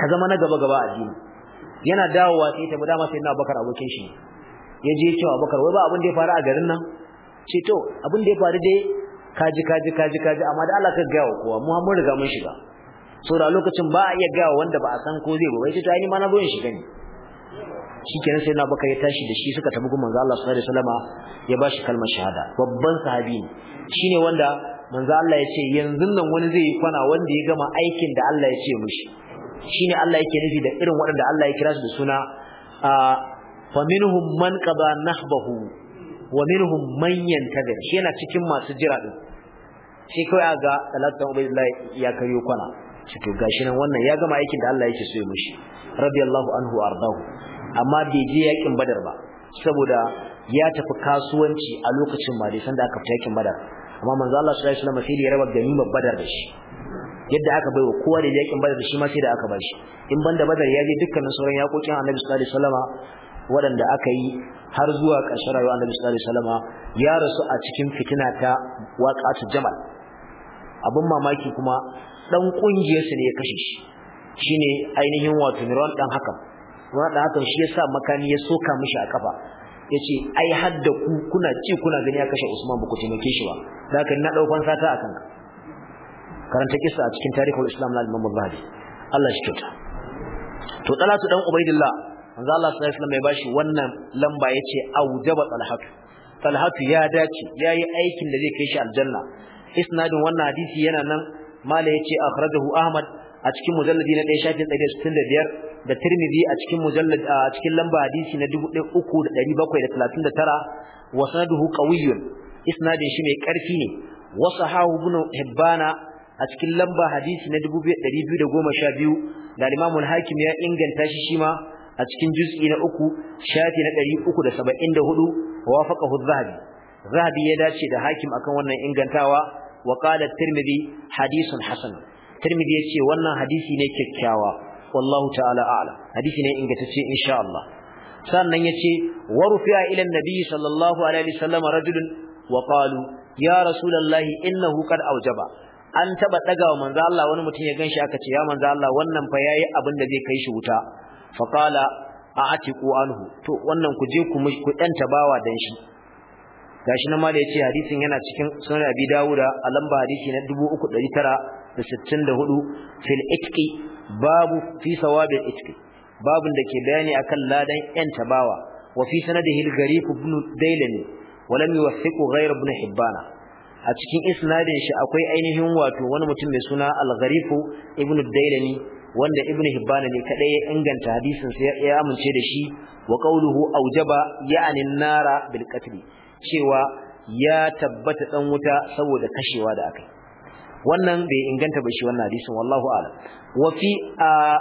ka zama na gaba gaba addini yana dawowa sai ta dama sai na bakar abokin shi ya je cewa bakar wai ba abin da ya faru a garin nan ce to abin da ya faru dai kaji kaji kaji kaji amma da Allah ka ga wa kowa mu mun riga mun shiga so da lokacin ba a iya ga wanda ba a san ko zai ba wai ce to ai ni ma na zo in shiga ne shikenan sai na baka ya tashi da shi suka tafi gun manzo Allah sallallahu alaihi wasallama ya bashi kalmar shahada babban sahabi ne shine wanda manzo Allah ya ce yanzu nan wani zai yi kwana wanda ya gama aikin da Allah ya ce mishi shine Allah yake nufi da irin waɗanda Allah ya kira su da suna faminhum man qada nahbahu wa minhum man yantazir shi yana cikin masu jira din shi a ga talatan ubaydillah ya kariyo kwana shi to gashi nan wannan ya gama aikin da Allah yake so ya mishi radiyallahu anhu ardahu amma bai je yakin badar ba saboda ya tafi kasuwanci a lokacin ma dai sanda aka fita yakin badar amma manzo Allah sallallahu alaihi wasallam sai ya raba ganima badar da shi yadda aka baiwa kowa da yakin badar da shi ma sai da aka bashi in banda badar ya je dukkanin sauran yakokin annabi sallallahu alaihi wasallama waɗanda aka yi har zuwa ƙarshen rayuwar annabi sallallahu alaihi wasallama ya rasu a cikin fitina ta waqatu jamal abin mamaki kuma dan kungiyarsa ne ya kashe shi shine ainihin wato Miran dan hakan da hakan shi yasa makani ya soka mishi a kafa yace ai hadda ku kuna ci kuna gani ya kashe Usman ba ku taimake shi ba da haka na daukan sata a kanka. karanta kissa a cikin tarihul Islam na Imam Bukhari Allah shi kyauta to Talatu dan Ubaidillah manzo Allah sallallahu alaihi wasallam ya bashi wannan lamba yace aujaba Talhatu Talhatu ya dace yayi aikin da zai kai shi aljanna isnadin wannan hadisi yana nan mala yace akhrajahu Ahmad a cikin mujalladi na 1 shafin 165 da Tirmidhi a cikin mujallad a cikin lamba hadisi na 3739 wa sanaduhu qawiyyun isnadin shi mai ƙarfi ne wa sahahu ibn Hibbana a cikin lamba hadisi na 2212 da Imam al-Hakim ya inganta shi shima a cikin juz'i na 3 shafi na 374 wa wafaqahu az-Zahabi Zahabi ya dace da Hakim akan wannan ingantawa wa qala Tirmidhi hadithun hasan Tirmidhi yace wannan hadisi ne kyakkyawa wallahu ta'ala a'lam hadisi ne ingantacce insha Allah sannan yace wa rufi'a ila annabi sallallahu alaihi wasallam rajulun wa qalu ya rasulullahi innahu qad awjaba an taba ɗaga wa manzo Allah wani mutum ya ganshi aka ce ya manzo Allah wannan fa yayi abin da zai kai shi wuta fa qala a'tiqu anhu to wannan ku je ku ku bawa dan shi gashi nan ma da yace hadisin yana cikin sunan Abi Dawuda a lamba hadisi na 3964 fil itqi babu fi sawabil itqi babun da ke bayani akan ladan yan tabawa wa fi sanadihi al-gharib ibn dailani wa lam yuwathiqu ghayr ibn hibban a cikin isnadin shi akwai ainihin wato wani mutum mai suna al-gharib ibn dailani wanda ibn Hibbana ne kadai ya inganta hadisin sai ya amince da shi wa qawluhu aujaba ya'ni an-nara bil qatl cewa ya tabbata dan wuta saboda kashewa da akai wannan bai inganta ba shi wannan hadisin wallahu a'lam wa fi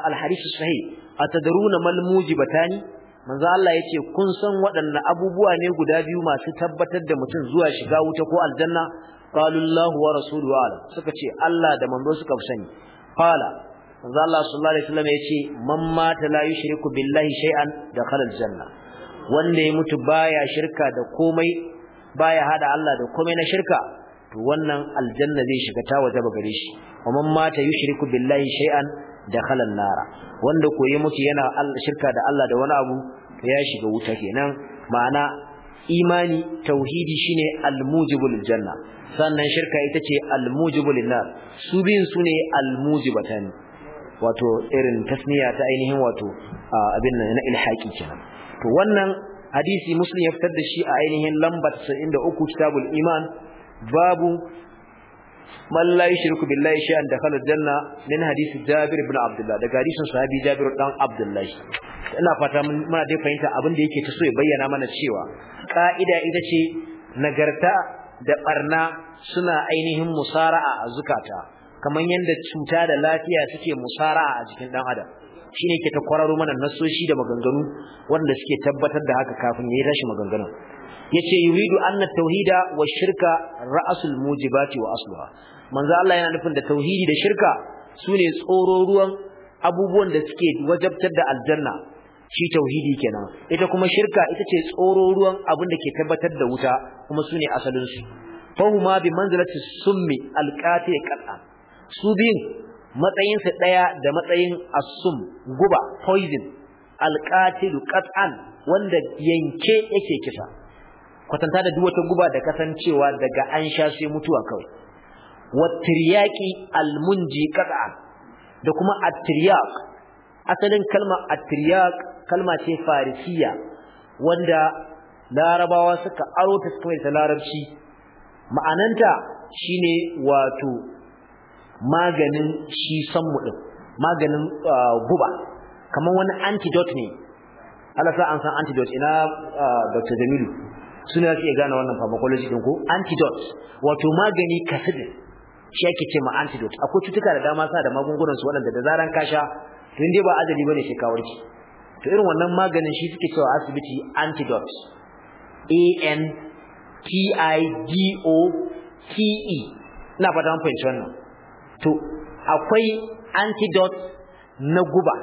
al-hadith sahih atadruna mal mujibatani manzo Allah yace kun san waɗannan abubuwa ne guda biyu masu tabbatar da mutum zuwa shiga wuta ko aljanna qalu Allah wa rasuluhu alam suka ce Allah da manzo suka sani Fala manzo Allah sallallahu alaihi wasallam yace man mata la yushriku billahi shay'an dakhala aljanna wanda ya mutu baya shirka da komai baya hada Allah da komai na shirka to wannan aljanna zai shiga ta waje gare shi wa man mata yushriku billahi shay'an dakhala an-nara wanda koyi mutu yana shirka da Allah da wani abu ya shiga wuta kenan ma'ana imani tauhidi shine al-mujibul janna sannan shirka ita ce al-mujibul nar su biyun sune al-mujibatan wato irin tasniya ta ainihin wato abin nan na ilhaqi kenan to wannan hadisi muslim ya fitar da shi a ainihin lambar 93 kitabul iman babu man la yushriku billahi shay'an dakhala aljanna min hadisi Jabir ibn Abdullah daga hadisin sahabi Jabir dan Abdullahi. ina fata muna dai fahimta abin da yake ta so ya bayyana mana cewa ka'ida ita ce nagarta da barna suna ainihin musara'a a zukata kamar yadda cuta da lafiya suke musara'a a jikin dan adam shine ke ta kwararo mana nasoshi da maganganu wanda suke tabbatar da haka kafin ya yi rashin maganganun yace yuridu anna tauhida wa shirka ra'sul mujibati wa asluha manzo Allah yana nufin da tauhidi da shirka sune tsoro ruwan abubuwan da suke wajabtar da aljanna shi tauhidi kenan ita kuma shirka ita ce tsoro ruwan abin da ke tabbatar da wuta kuma sune asalin su fahuma bi manzilati summi alqati qat'a su bin matsayin su daya da matsayin asum guba poison alqatilu qat'an wanda yanke yake kisa kwatanta da duk wata guba da kasancewa daga an sha sai mutuwa kawai watriyaqi almunji qad'a da kuma atriyaq asalin kalma atriyaq kalma ce farisiya wanda larabawa suka aro ta suka larabci ma'ananta shine wato maganin shi sammu din maganin ah, guba kamar wani antidote ne Allah sa an san antidote ina ah, Dr. Jamilu suna su iya gane wannan pharmacology din ko antidote wato magani kasidin shi ake ce antidote akwai cutuka da dama sa da magungunan su waɗanda da zaran ka sha to indai ba azali bane sai kawar ki. to irin wannan maganin shi suke cewa asibiti antidote A N T I D O T E ina fata mun fahimci wannan to akwai antidote na guba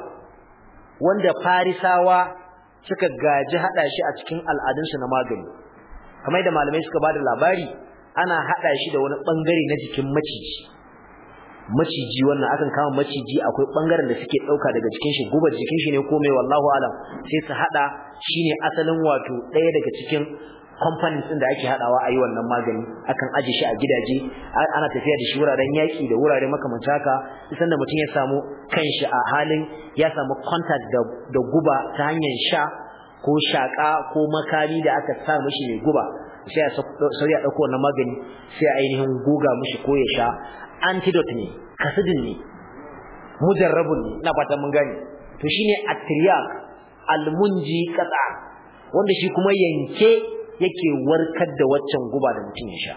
wanda farisawa suka gaji hada shi a cikin al'adunsu na magani kamar da malamai suka bada labari ana hada shi da wani bangare na jikin maciji maciji wannan akan kama maciji akwai bangaren da suke dauka daga jikin shi gubar jikin shi ne ko mai wallahu alam sai su hada shine asalin wato daya daga cikin kamfanin din da ake hadawa ayi wannan magani akan aje shi a gidaje ana tafiya da shi wuraren yaki da wurare makamanta haka isan da mutum ya samu kanshi a halin ya samu contact da guba ta hanyar sha ko shaka ko makami da aka sa mishi mai guba sai a sai a dauko wannan magani sai ainihin guga mishi ko ya sha antidote ne kasidin ne mujarrabun ne ina fata mun gane to shine atriyak almunji qata wanda shi kuma yanke yake warkar da waccan guba da mutum ya sha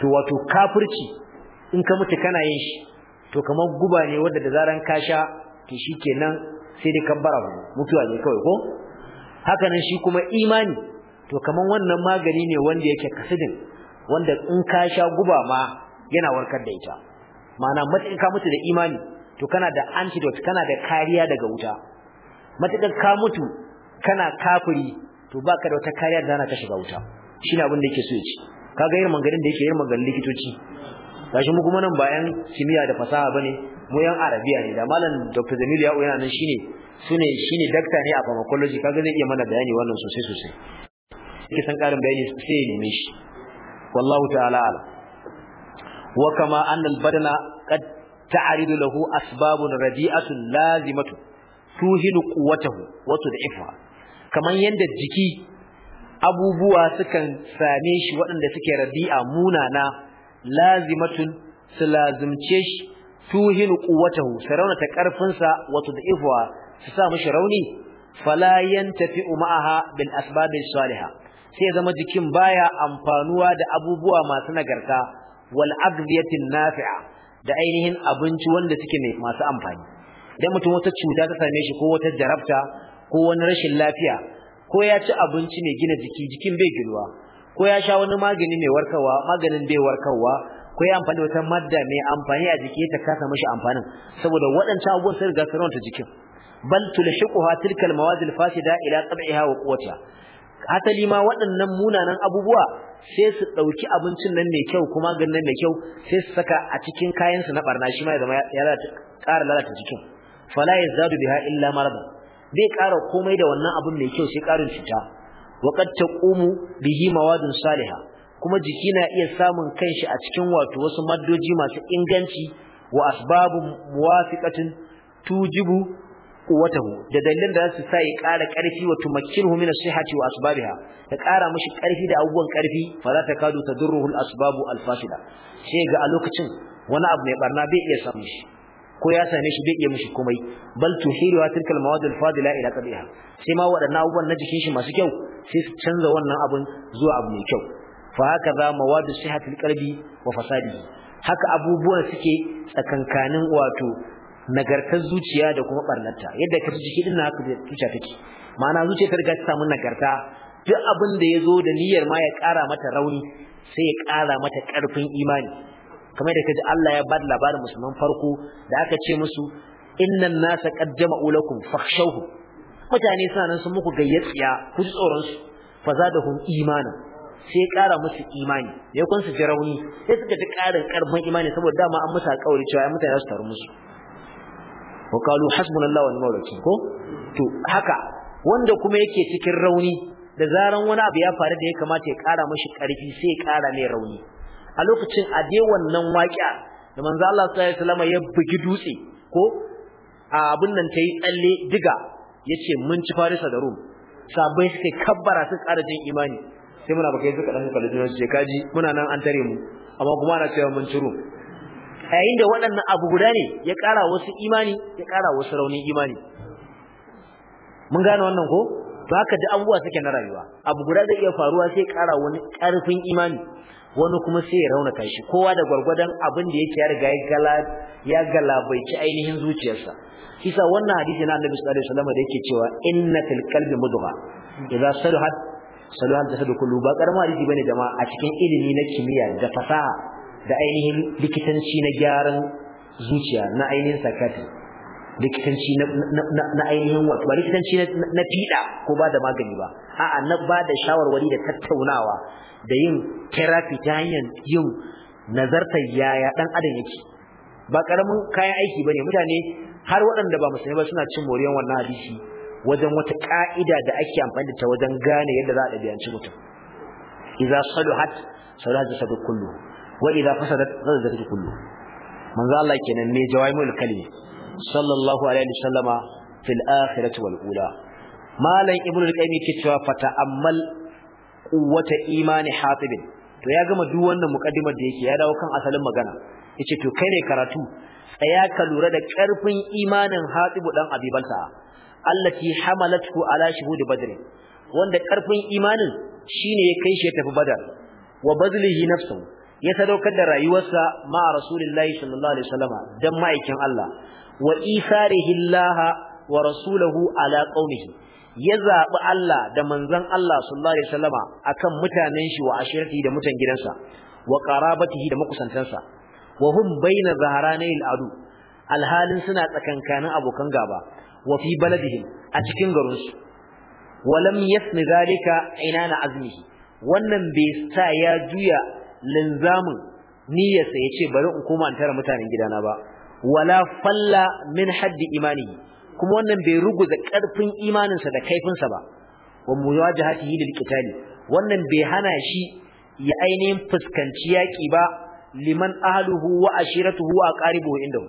to wato kafirci in ka mutu kana yin shi to kamar guba ne wanda da zaran ka sha to shikenan sai dai kabbara mutuwa ne kawai ko haka nan shi kuma imani to kaman wannan magani ne wanda yake kasidin wanda in ka sha guba ma yana warkar da ita ma'ana matakin ka mutu da imani to kana da antidote kana da kariya daga wuta matakin ka mutu kana kafiri to baka da wata kariya da zana ta shiga wuta shine abin da yake so ya ci kaga irin maganin da yake irin maganin likitoci gashi mu kuma nan bayan kimiyya da fasaha bane mu yan arabiya ne da malam dr jamilu ya'u yana nan shine sune shine dakta ne a pharmacology kaga zai iya mana bayani wannan sosai sosai ki san karin bayani sai ya neme shi wallahu ta'ala ala wa kama anna al-badana qad ta'ridu lahu asbabun radi'atun lazimatu tuhinu quwwatahu wa tud'ifuha kaman yanda jiki abubuwa sukan same shi waɗanda suke radi'a munana lazimatun su lazimce shi tuhinu quwwatahu sarauna ta karfin sa wa tud'ifuha su sa mishi rauni fala yantafi ma'aha bil asbab salihah sai ya zama jikin baya amfanuwa da abubuwa masu nagarta wal adwiyatin nafi'a da ainihin abinci wanda suke mai masu amfani idan mutum wata cuta ta same shi ko wata jarabta ko wani rashin lafiya ko ya ci abinci mai gina jiki jikin bai ginuwa ko ya sha wani magani mai warkarwa maganin bai warkarwa ko ya amfani wata madda mai amfani a jiki ta kasa mishi amfanin saboda waɗancan abubuwan sun ga sun jikin bal tulhiquha tilka almawad alfasida ila tab'iha wa quwwatiha hasali ma waɗannan munanan abubuwa sai su ɗauki abincin nan mai kyau kuma ganin nan mai kyau sai su saka a cikin kayan su na barna shi ma ya zama ya ƙara lalata jikin fala yazadu biha illa maradan bai ƙara komai da wannan abin mai kyau sai ƙarin cuta wa qad taqumu bihi mawadun Saliha, kuma jiki na iya samun kanshi a cikin wato wasu maddoji masu inganci wa asbabun muwafiqatin tujibu quwwatahu da dalilan da zasu sa ya ƙara ƙarfi wa tumakkinuhu min as-sihhati wa asbabiha ta ƙara mishi ƙarfi da abubuwan ƙarfi fa za ta kadu tadurruhu al-asbabu al sai ga a lokacin wani abu mai barna bai iya samu shi ko ya same shi bai iya mishi komai bal tuhiru tilkal mawad al-fadila ila qadiha sai ma wadannan abubuwan na jikin shi masu kyau sai su canza wannan abun zuwa abu mai kyau fa haka za mawadu sihhatil qalbi wa fasadihi haka abubuwan suke tsakankanin wato nagartar zuciya da kuma barnata yadda ka ji jiki din na haka zuciya take ma'ana zuciya ta riga ta samu nagarta duk abin da ya zo da niyyar ma ya kara mata rauni sai ya kara mata karfin imani kamar da kaji Allah ya bada labarin musulman farko da aka ce musu innan nasa qad jama'u lakum mutane suna nan sun muku gayyatsiya ku ji tsoron su fazadahum imana sai ƙara musu imani kun su ji rauni sai suka ji karin karfin imani saboda dama an musa kauri cewa mutane za su taru musu wa qalu hasbunallahu wa ni'mal wakeel ko to haka wanda kuma yake cikin rauni da zaran wani abu ya faru da ya kamata ya kara mashi karfi sai ya kara mai rauni a lokacin a dai wannan waƙiya da manzo Allah sallallahu alaihi wasallam ya bugi dutse ko a abin nan tayi tsalle diga yace mun ci Farisa da Rum sabai suka kabbara su ƙara jin imani sai muna baka yi suka dan kalle kaji muna nan an tare mu amma kuma ana cewa mun ci Rum yayin da waɗannan abu guda ne ya ƙara wasu imani ya ƙara wasu raunin imani mun gane wannan ko to haka da abubuwa suke na rayuwa abu guda zai iya faruwa sai ƙara wani ƙarfin imani wani kuma sai ya raunaka shi kowa da gwargwadon abin da yake ya riga ya galabaici ainihin zuciyarsa kisa wannan hadisi na annabi sallallahu alaihi wasallam da yake cewa inna fil qalbi mudgha idza sarahat sarahat jasadu kullu ba karamin hadisi bane jama'a a cikin ilimi na kimiyya da fasaha da ainihin likitanci na gyaran zuciya na ainihin sakati likitanci na ainihin wato ba likitanci na fiɗa ko ba da magani ba a'a na ba da shawarwari da tattaunawa da yin therapy ta hanyar yin nazartar yaya dan adam yake ba karamin kayan aiki ne mutane har waɗanda ba musulmi ba suna cin moriyan wannan hadisi wajen wata ka'ida da ake amfani da ta wajen gane yadda za a ɗabi'anci mutum idza saluhat saluhat sadu kullu wa da fasadat fasadat kullu manzo Allah kenan ne jawaimul kalim sallallahu alaihi wasallama fil akhirati wal ula malam ibnu al-qayyim ke cewa fata'ammal quwwata imani hatib to ya gama duk wannan mukaddimar da yake ya dawo kan asalin magana yace to kai ne karatu tsaya ka lura da karfin imanin hatib dan abibalta allati hamalatu ala shuhud badr wanda karfin imanin shine ya kai shi ya tafi badar wa badlihi nafsuhu ya sadaukar da rayuwarsa ma rasulullahi sallallahu alaihi wasallama dan ma'aikin Allah wa isarihi Allah wa rasuluhu ala qaumihi ya zaɓi Allah da manzon Allah sallallahu alaihi wasallama akan mutanen shi wa ashirati da mutan gidansa wa qarabatihi da makusantansa wa hum baina zaharanil adu alhalin suna tsakankanin abokan gaba wa fi baladihim a cikin garinsu wa lam yasmi zalika inana azmihi wannan bai sa ya juya linzamin niyyarsa ya ce bari in koma in tara mutanen gidana ba wala falla min haddi imani kuma wannan bai ruguza karfin imaninsa da kaifinsa ba wa muwajahatihi lil qitali wannan bai hana shi ya ainihin fuskanci yaki ba liman ahluhu wa ashiratuhu wa qaribuhu indahu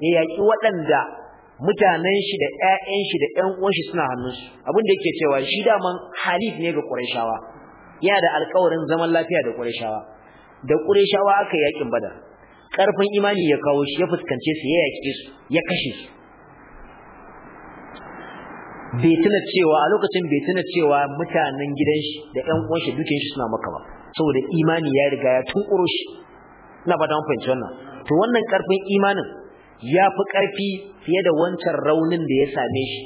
ya yaki waɗanda mutanen shi da ƴaƴan shi da ƴan uwan shi suna hannun shi abin da yake cewa shi daman halif ne ga Qurayshawa yana da alƙawarin zaman lafiya da Qurayshawa da qurayshawa aka yakin badar karfin imani ya kawo shi ya fuskance su ya yake su ya kashe su bai cewa a lokacin bai tuna cewa mutanen gidan shi da ƴan uwan shi shi suna maka ba saboda imani ya riga ya tunkuro shi ina ba dan fahimci wannan to wannan karfin imanin ya fi karfi fiye da wancan raunin da ya same shi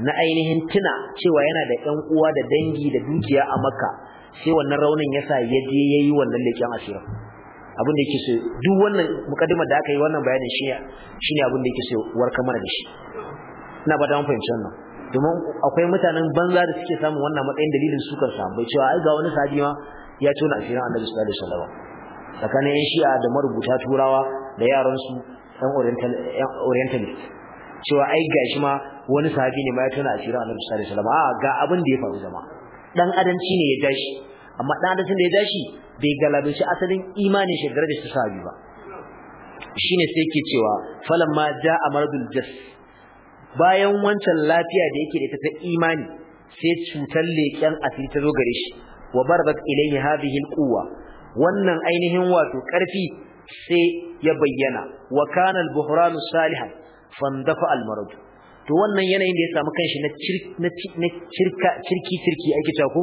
na ainihin tuna cewa yana da ƴan uwa da dangi da dukiya a Makka sai wannan raunin ya sa ya je yi wannan leƙen asira abin da yake so duk wannan mukaddimar da aka yi wannan bayanin shi shine abin da yake so warka mana da shi ina ba da mun fahimci wannan domin akwai mutanen banza da suke samun wannan matsayin dalilin su samu bai cewa ai ga wani sahabi ma ya tona asirin Annabi sallallahu alaihi wasallam tsakanin yan shi'a da marubuta turawa da yaran su ɗan oriental orientalist cewa ai gashi ma wani sahabi ne ma ya tona asirin Annabi sallallahu alaihi wasallam a ga abin da ya faru jama'a dan adanci ne ya dashi amma dan da ya dashi bai galabaci asalin imanin shi da su sabi ba shine sai yake cewa falamma jaa maradul jas bayan wancan lafiya da yake da ita ta imani sai cutar leken asiri ta zo gare shi wa barbat ilayhi hadhihi alquwa wannan ainihin wato karfi sai ya bayyana wa kana albuhranu salihan fandafa almarad to wannan yanayin da ya samu kanshi na cirka cirki cirki ake cewa ko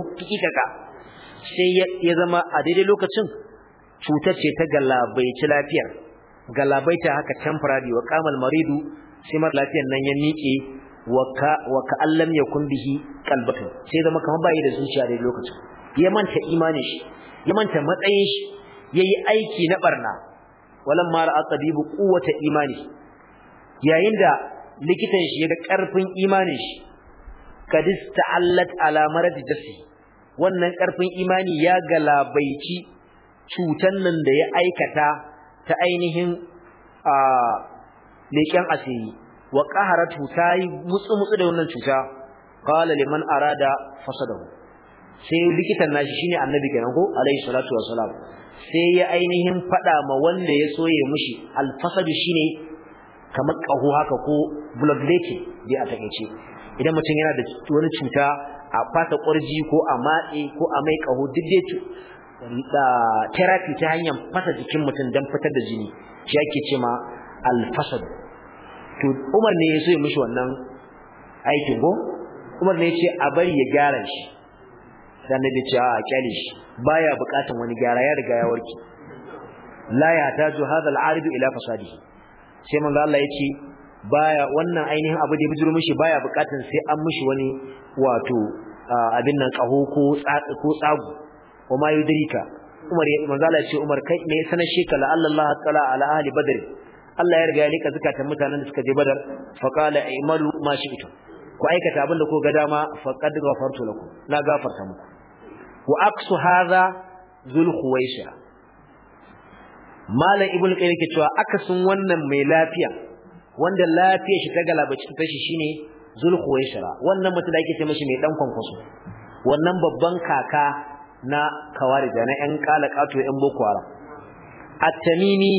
sai ya zama a daidai lokacin cutar ce ta galabaici lafiyar galabaita haka temporary wa kamar maridu sai mara lafiyar nan ya miƙe wa ka ya yakun bihi sai zama kamar bayi da zuciya da lokacin ya manta imanin shi ya manta matsayin shi yi aiki na barna Walan mara a tsabibu kowace imani yayin da likitan shi da karfin imanin shi kadis ta'allat ala marad jasi wannan ƙarfin imani ya galabaici cutan nan da ya aikata ta ainihin a leken asiri wa qaharatu tayi mutsu mutsu da wannan cuta qala liman arada fasadahu sai likitan nashi shine annabi kenan ko alayhi salatu wassalam sai ya ainihin fada ma wanda ya soye mushi alfasadu shine kamar ƙaho haka ko blood leaking dai a takaice idan mutum yana da wani cuta a fata ƙwarji ko a matse ko a mai ƙaho duk dai da therapy ta hanyar fasa jikin mutum don fitar da jini shi ake ce ma alfasad to Umar ne ya so ya mishi wannan aikin ko Umar ne ya ce a bari ya gyara shi sai da ce a kyale shi baya buƙatar wani gyara ya riga ya warke la ya taju hadha al-arib ila fasadihi sai manzo Allah ya ce baya wannan ainihin abu da ya bijiro mishi baya bukatun sai an mishi wani wato abin nan kaho ko ko tsagu wa ma yudrika Umar ya manzo Allah ya ce Umar kai ne sanan shi kala Allah ta'ala ala ahli badr Allah ya riga ya lika zakatan mutanen da suka je badar fa qala aymalu ma shi'tum ku aikata abin da ku ga dama fa qad ghafartu lakum na gafarta muku wa aksu hadha zul khuwaisha malam ibnu qayyim yake cewa akasin wannan mai lafiya wanda lafiya shi ta galabacin tashi shine zulkhuwaisra wannan mutum da yake ce mishi mai dan kwankwaso wannan babban kaka na da na yan kalakato yan boko haram at-tamimi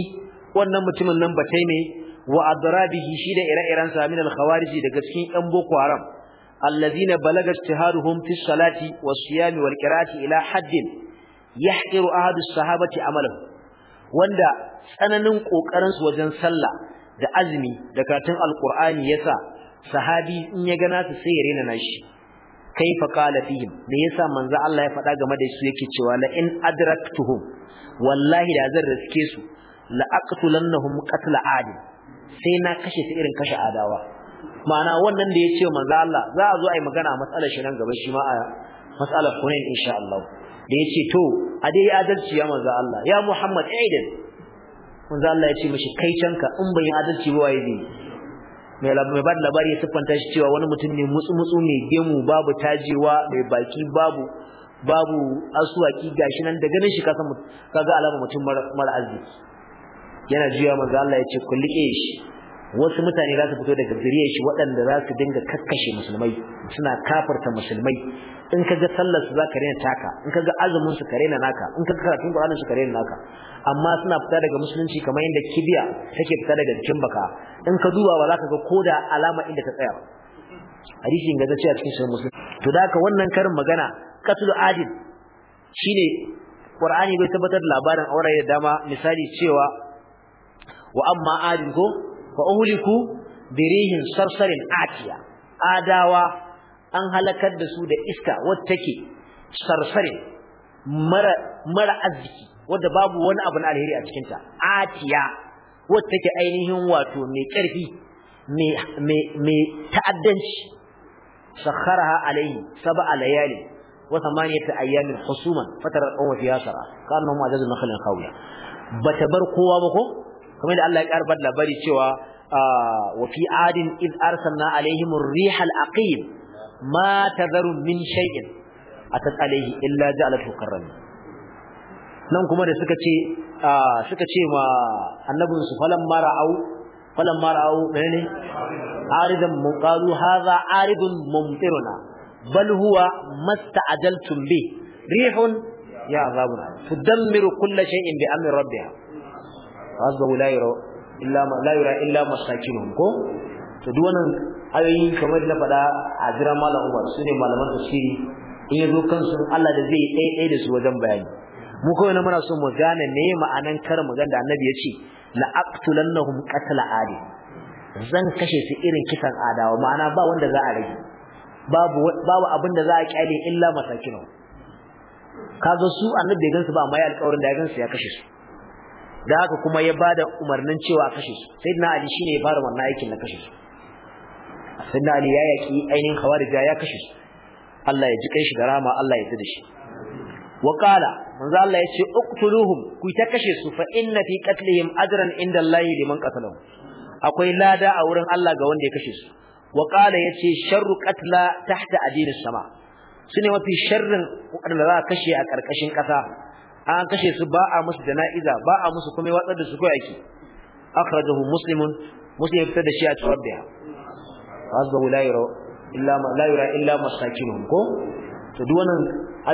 wannan mutumin nan batai ne wa adrabihi shi da ire-iren sa min al-khawarij daga cikin yan boko haram allazina balagat taharuhum fi salati was siyami wal qira'ati ila haddin yahqiru ahadu as-sahabati amalahu wanda tsananin kokarin su wajen sallah da azumi da karatun alqur'ani yasa sahabi in ya gana su sai ya rena nashi kaifa qala fihim me yasa manzo Allah ya faɗa game da su yake cewa la in adraktuhum wallahi da zan riske su la aqtulannahum qatl adi sai na kashe su irin kashe adawa ma'ana wannan da yace manzo Allah za a zo a yi magana matsalar shi nan gaba shi ma a matsalar kunin insha Allah da yace to a dai adalci ya manzo Allah ya Muhammad eh, aidan manzo Allah ya ce mishi kai canka in bai adalci ba waye zai mai ba labari ya siffanta shi cewa wani mutum ne mutsu mutsu ne gemu babu tajewa mai baki babu babu asuwaki gashi nan da ganin shi kasa kaga alama mutum mara arziki yana juya manzo Allah ya ce liƙe shi wasu mutane za su fito daga zuriyar shi waɗanda za su dinga kakkashe musulmai suna kafarta musulmai in ka ga sallar su ka rena taka in ka ga azumin su ka rena naka in ka ga karatun Qur'anin su ka rena naka amma suna fita daga musulunci kamar yadda kibiya take fita daga jikin baka in ka duba ba ka ga koda alama inda ta tsaya hadisi ga zaci a cikin sunan musulmi to da wannan karin magana qatlu adil shine Qur'ani bai tabbatar da labarin aure da dama misali cewa wa amma adil ko fa birihin sarsarin atiya adawa an halakar da su da iska wadda take sarsarin mara mara arziki wadda babu wani abu na alheri a cikinta atiya wadda take ainihin wato mai ƙarfi mai ta'addanci sakharaha alaihi sab'a layali wa thamaniyata ayyamin husuman fatara qawma fiha sara kana mu ajazu nakhlan khawiya bata bar kowa ba ko kamar da Allah ya karbar labari cewa wa fi adin id arsalna alaihim ar-rih al-aqim ma tadharu min shay'in atat alaihi illa ja'alathu karram nan kuma da suka ce suka ce ma annabin su falan mara'au falan mara'au ne aridan muqalu hadha aridun mumtiruna bal huwa masta'ajaltum bi rihun ya azabun tudammiru kulla shay'in bi amri rabbiha azzahu la yara illa ma la yara illa masakinun ko to duk wannan ayoyi kamar na faɗa a jira malam su sune malaman tafsiri in yazo kansu Allah da zai dai da su wajen bayani mu kawai na muna so mu gane me ma'anan karin mu ganda Annabi ya ce la aqtulannahum qatla adi zan kashe su irin kisan adawa ma'ana ba wanda za a rage babu babu abin da za a kyale illa masakinun kaga su Annabi ya gansu ba amma ya alƙawarin da ya gansu ya kashe su da haka kuma ya ba da umarnin cewa a kashe su sayyidina ali shine ya fara wannan aikin na kashe su sayyidina ali ya yaki ainihin khawarij ya kashe su Allah ya ji kai shi da rama Allah ya tsare shi wa qala manzo Allah ya ce uqtuluhum ku ta kashe su fa inna fi qatlihim ajran inda Allah liman qatalahu akwai lada a wurin Allah ga wanda ya kashe su wa qala ya ce sharru qatla tahta adiris sama sune mafi sharrin wanda za a kashe a karkashin kasa an kashe su ba a musu jana'iza ba a musu kuma watsar da su kai ake akhrajahu muslimun muslim fitar da shi a cikin rabbiha hasbahu la yura illa ma la illa masakinuhum ko to duk wannan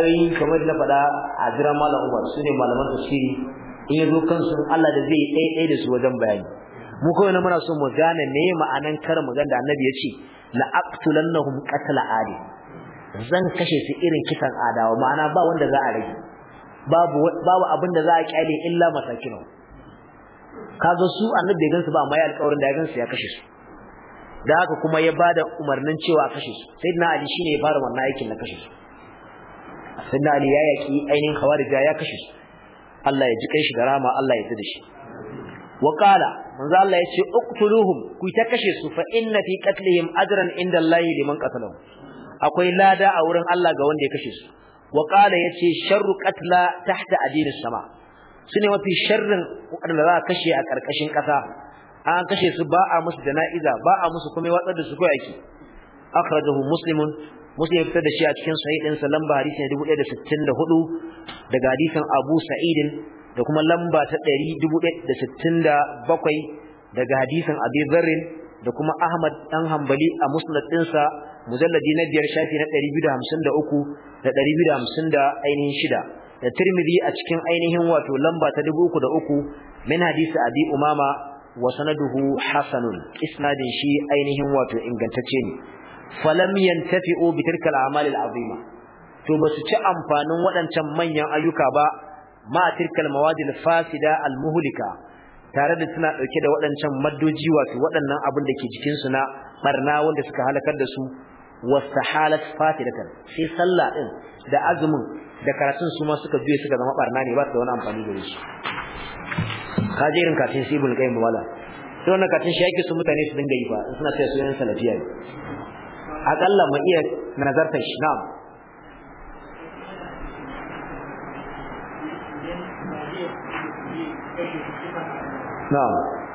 ayoyi kamar na faɗa a jiran malam Umar sune malaman tafsiri in yazo kansu Allah da zai ɗaya da su wajen bayani mu kawai na muna so mu gane me ma'anan kar mu da annabi ya ce la aqtulannahum qatla adi zan kashe su irin kisan adawa ma'ana ba wanda za a rage babu babu abin da za a kyale illa masakinu kaza su annabi bai gansu ba amma ya alƙawarin da ya gansu ya kashe su da haka kuma ya bada umarnin cewa a kashe su sayyidina ali shine ya fara wannan aikin na kashe su sayyidina ali ya yaki ainihin khawarija ya kashe su Allah ya ji kai shi da rama Allah ya tsida shi wa qala manzo Allah ya ce uqtuluhum ku ta kashe su fa inna fi qatlihim ajran inda Allah liman qatalahu akwai lada a wurin Allah ga wanda ya kashe su wa qala yace sharru qatla tahta adin sama shine mafi sharrin wanda za kashe a karkashin kasa an kashe su ba a musu jana'iza ba a musu kuma watsar da su kai aiki akhrajahu muslimun muslim ya da shi a cikin sahih din sa lamba hadisi ne 1064 daga hadisin Abu Sa'id da kuma lamba ta 1067 daga hadisin Abi Dharr da kuma Ahmad dan Hanbali a musnad din sa mujalladi na biyar shafi na 253 da 250 da ainihin shida da Tirmidhi a cikin ainihin wato lamba ta 3003 min hadisi Abi Umama wa sanaduhu hasanun isnadin shi ainihin wato ingantacce ne falam yantafi'u bi tilka al-a'mal al-azima to basu ci amfanin waɗancan manyan ayyuka ba ma tilka fasida al-muhlika tare da suna dauke da waɗancan maddoji wato waɗannan abin da ke jikin su na ɓarna wanda suka halakar da su wastahalat fatilatan sai sallah din da azumin da karatun su ma suka biye suka zama barna ne ba su da wani amfani da shi kaje irin katin sibul kai mala sai wannan katin shi yake su mutane su dinga yi fa suna cewa su yan salafiya ne akalla mu iya nazartar shi na'am na'am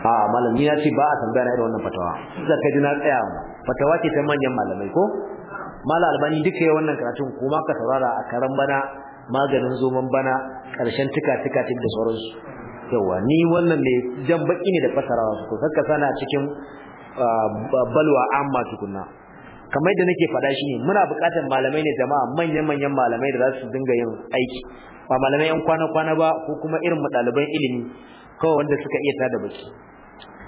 a malam ni na ce ba a tambaya na irin wannan fatawa da ji na tsaya fatawa ce ta manyan malamai ko mala albani duka yayin wannan karatun kuma ka saurara a karan bana maganin zoman bana karshen tuka tuka da sauransu yawa ni wannan ne jan baki ne da fasarawa su saka sana cikin balwa amma tukunna kamar da nake faɗa shi muna buƙatar malamai ne jama'a manyan manyan malamai da za su dinga yin aiki ba malamai yan kwana kwana ba ko kuma irin ɗaliban ilimi kawai wanda suka iya tada baki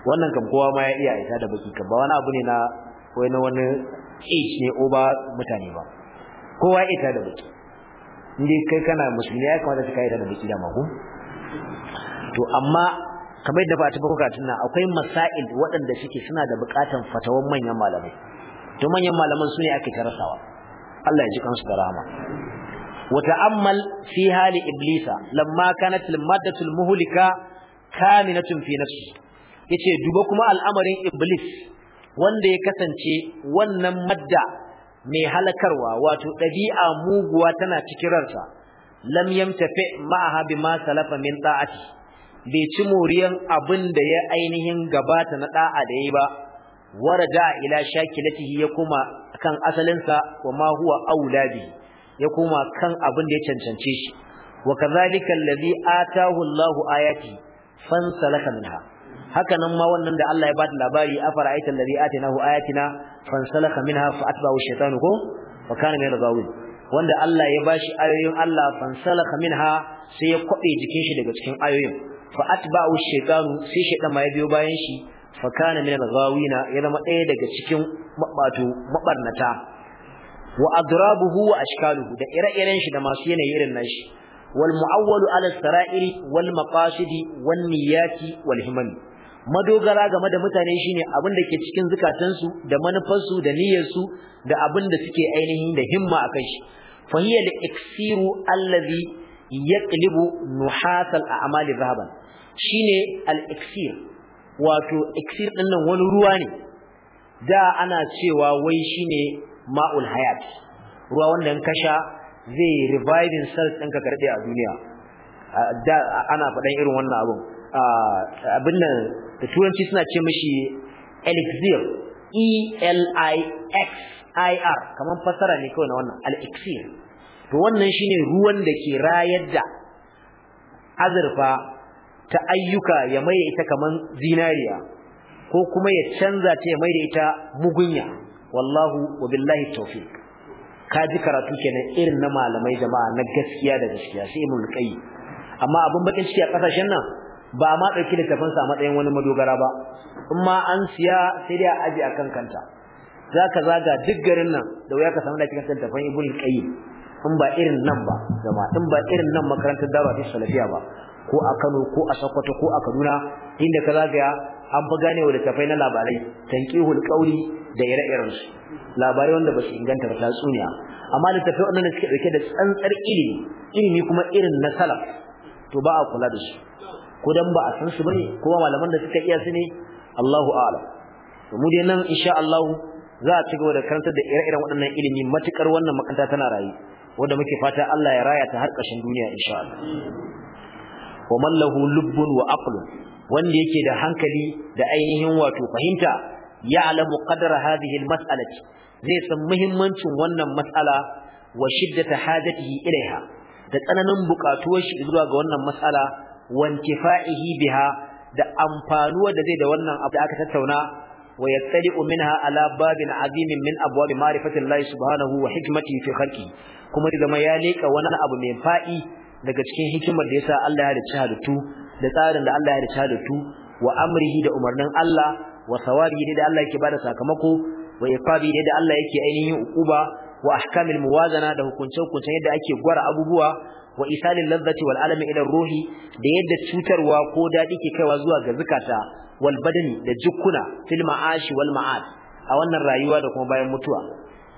wannan kam kowa ma ya iya aika da baki kan ba wani abu ne na wai na wani age ne oba mutane ba kowa ya aika da baki indai kai kana musulmi ya kamata ka ita da baki da mako to amma kamar yadda ba ta buka tunna akwai masail waɗanda suke suna da buƙatan fatawan manyan malamai to manyan malaman su ne ake tarasawa Allah ya ji kansu da rahama وتأمل في حال إبليس لما كانت المادة المهلكة كامنة في نفسه yace duba kuma al'amarin iblis wanda ya kasance wannan madda mai halakarwa wato dabi'a muguwa tana cikin ransa lam yamtafi ma'aha bima salafa min ta'ati bai ci moriyan abin da ya ainihin gabata na da'a da yayi ba waraja ila shakilatihi ya kuma kan asalinsa wa ma huwa aulabi ya koma kan abin da ya cancance shi wa kadhalika allazi atahu Allahu ayati fansalaka minha haka nan ma wannan da Allah ya bada labari afara aitan ladhi atinahu ayatina fansalaka minha fa atba'u shaytanu ko wa kana min al-ghawin wanda Allah ya bashi ayoyin Allah fansalaka minha sai ya kwabe jikin shi daga cikin ayoyin fa atba'u shaytanu sai shaytan ma ya biyo bayan shi fa kana min al-ghawina ya zama ɗaya daga cikin mabatu mabarnata wa adrabuhu wa ashkaluhu da ire-iren shi da masu yanayi irin nashi والمعول على السرائر والمقاصد والنيات والهمم madogara game da mutane shine abin da ke cikin zukatansu da manufarsu da niyyarsu da abin da suke ainihi da himma a kai shi fa hiya al iksiru allazi yaqlibu nuhasal a'mal zahaban shine al-iksir wato iksir din nan wani ruwa ne da ana cewa wai shine ma'ul hayat ruwa wanda in kasha zai reviving cells ɗinka karɗe a duniya da ana faɗan irin wannan abun abin nan da turanci suna ce mashi elixir e l i x i r kaman fasara ne kawai na wannan elixir. to wannan shine ruwan da ke rayar da azurfa ta ayyuka ya maida ita kamar zinariya ko kuma ya canza ta ya da ita mugunya wallahu wa billahi tawfiq kaji karatu kenan irin na malamai jama'a na gaskiya da gaskiya sai mun kai amma abin bakin ciki a kasashen nan ba ma dauki littafinsa a matsayin wani madogara ba in ma an siya sai dai a aje akan kanta zaka zaga duk garin nan da wuya ka samu da cikin littafin ibn qayyim in ba irin nan ba jama'a in ba irin nan makarantar darwa ta salafiya ba ko a Kano ko a Sokoto ko a Kaduna inda ka zagaya an fi ganewa da tafai na labarai tanqihul qawli da ire-iren su labarai wanda ba su inganta ba tatsuniya amma da tafai wannan suke dauke da tsantsar ilimi ilimi kuma irin na salaf to ba a kula da su ko dan ba a san su bane ko malaman da suka iya su ne Allahu a'lam to mu dai nan insha Allah za a ci gaba da karantar da ire-iren waɗannan ilimi matukar wannan makaranta tana rayi wanda muke fata Allah ya raya ta har ƙarshen duniya insha Allah wa man lahu lubbun wa aqlun wanda yake da hankali da ainihin wato fahimta ya'lamu qadra hadhihi al-mas'alati zai san muhimmancin wannan mas'ala wa shiddata hajatihi ilaiha da tsananin buƙatuwar shi zuwa ga wannan mas'ala wantifa'ihi biha da amfanuwa da zai da wannan abu da aka tattauna wa yattali'u minha ala babin azimin min abwab ma'rifatillahi subhanahu wa hikmati fi khalqi kuma da ma ya leka wani abu mai fa'i daga cikin hikimar da yasa Allah ya halicci halittu da tsarin da Allah ya da tu. wa amrihi da umarnin Allah wa sawabihi da Allah yake bada sakamako wa iqabi da Allah yake ainihin ukuba wa ahkamil muwazana da hukunce-hukuncen yadda ake gwara abubuwa wa isalin lazzati wal alami ila ruhi da yadda cutarwa ko dadi ke kaiwa zuwa ga zukata wal badani da jukkuna fil ma'ashi wal ma'ad a wannan rayuwa da kuma bayan mutuwa